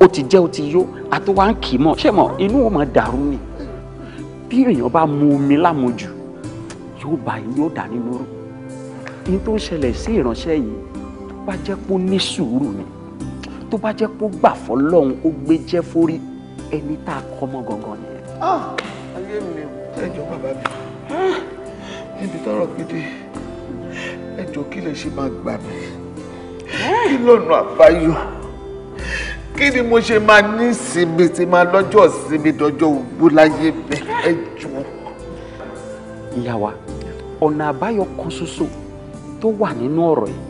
ó ti jẹ́ ó ti yó àtúwá ń kì í mọ̀ ṣé mọ̀ inú ò mọ̀ dàrú ni bí èèyàn bá mu omi lámujù yóò bá yóò dà nínú rú ní tó ń ṣẹlẹ̀ sí ìránṣẹ́ yìí tó bá jẹ́ pé ní sùúrù ni tó bá jẹ́ kó gbà fọlọ́run kó gbé jẹ́ fórí ẹni tá a kọ́ mọ́ gangan nìyẹn. Ah, ayé mi ẹjọ bàbá mi níbi tọrọ gidi ẹjọ kí lè ṣe máa gbà mí kí lọ́nà àbáyọ kí ni mo ṣe máa ní ìsinmi tí máa lọ́jọ́ ìsinmi dọjọ́ ògbó láyé mi ẹjọ. ìyá wa ọ̀nà àbáyọ kan ṣoṣo tó wà nínú ọ̀rọ̀ yìí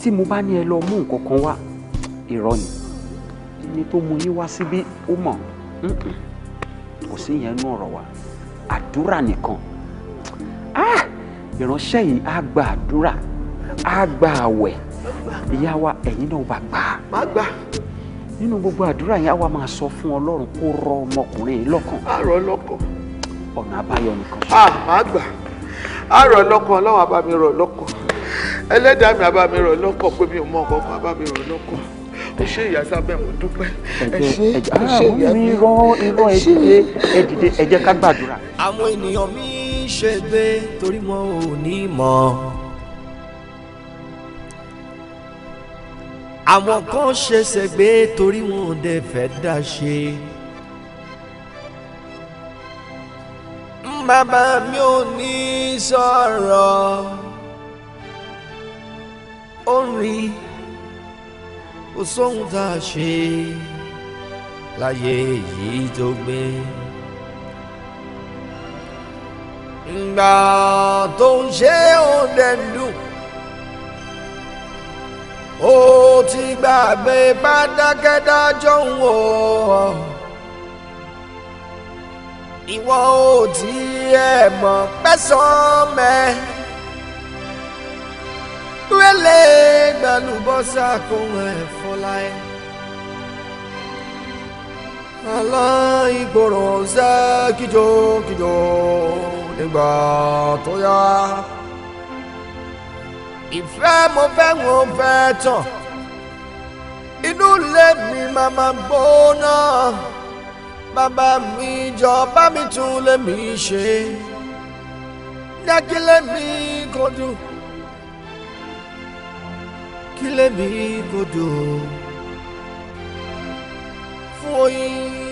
tí mo bá ní ẹ lọ mú nǹkan kan wá irọ́ ni ẹni tó mú yín wá síbí ó mọ̀ kò sí yẹn nú ọ̀rọ̀ wa àdúrà nìkan ah! ìránṣẹ́ yìí á gba àdúrà á gba àwẹ̀ ìyá wa ẹ̀yin náà bá gbà á gbà nínú gbogbo àdúrà yẹn á wá máa sọ fún ọlọ́run kó rọ ọmọkùnrin yìí lọ́kàn á rọ lọ́kàn ọ̀nà àbáyọ nìkan ṣe. àá á rọ lọ́kàn ọlọ́run á mi rọ lọ́kàn ẹlẹ́dàá mi á mi rọ lọ́kàn pé mi ò mọ nǹkan kan á mi rọ lọ́kàn ẹ ṣe ìyá sábẹ́ mo dúpẹ́ ẹ ṣe ẹ ṣe ah, ìyá mi irọ́ irọ́ ẹ dìde ẹ dìde ẹ ká gbàdúrà. àwọn ènìyàn mi ṣe gbé torí wọn ò ní mọ̀. àwọn kan ṣe ṣègbé torí wọn ò dẹ̀ fẹ́ dá ṣe. bàbá mi ò ní sọ̀rọ̀ ó rí i kò sóhun tá a ṣe láyé èyí tó gbé. ìgbà tó ń ṣe òde dùn ó ti gbàgbé pátákẹ́dájọ́ ń wò ó ìwọ ò tí ẹ mọ̀ pẹ́sàn-án mẹ́ wẹ́lẹ̀ gbalùbọ́sà kò hàn ẹ̀ fọlá ẹ̀. àlọ́ ìgbọ̀rọ̀ ṣẹ́ kíjokíjo nígbà tó yá. ìfẹ́ mo fẹ́ wọn fẹ́ tán inú ilé mi máa ma gbóná bàbá mi jọ bá mi tún lé mi ṣe jẹ́ kí lé mi kó kí lèmi kò dò fún yín.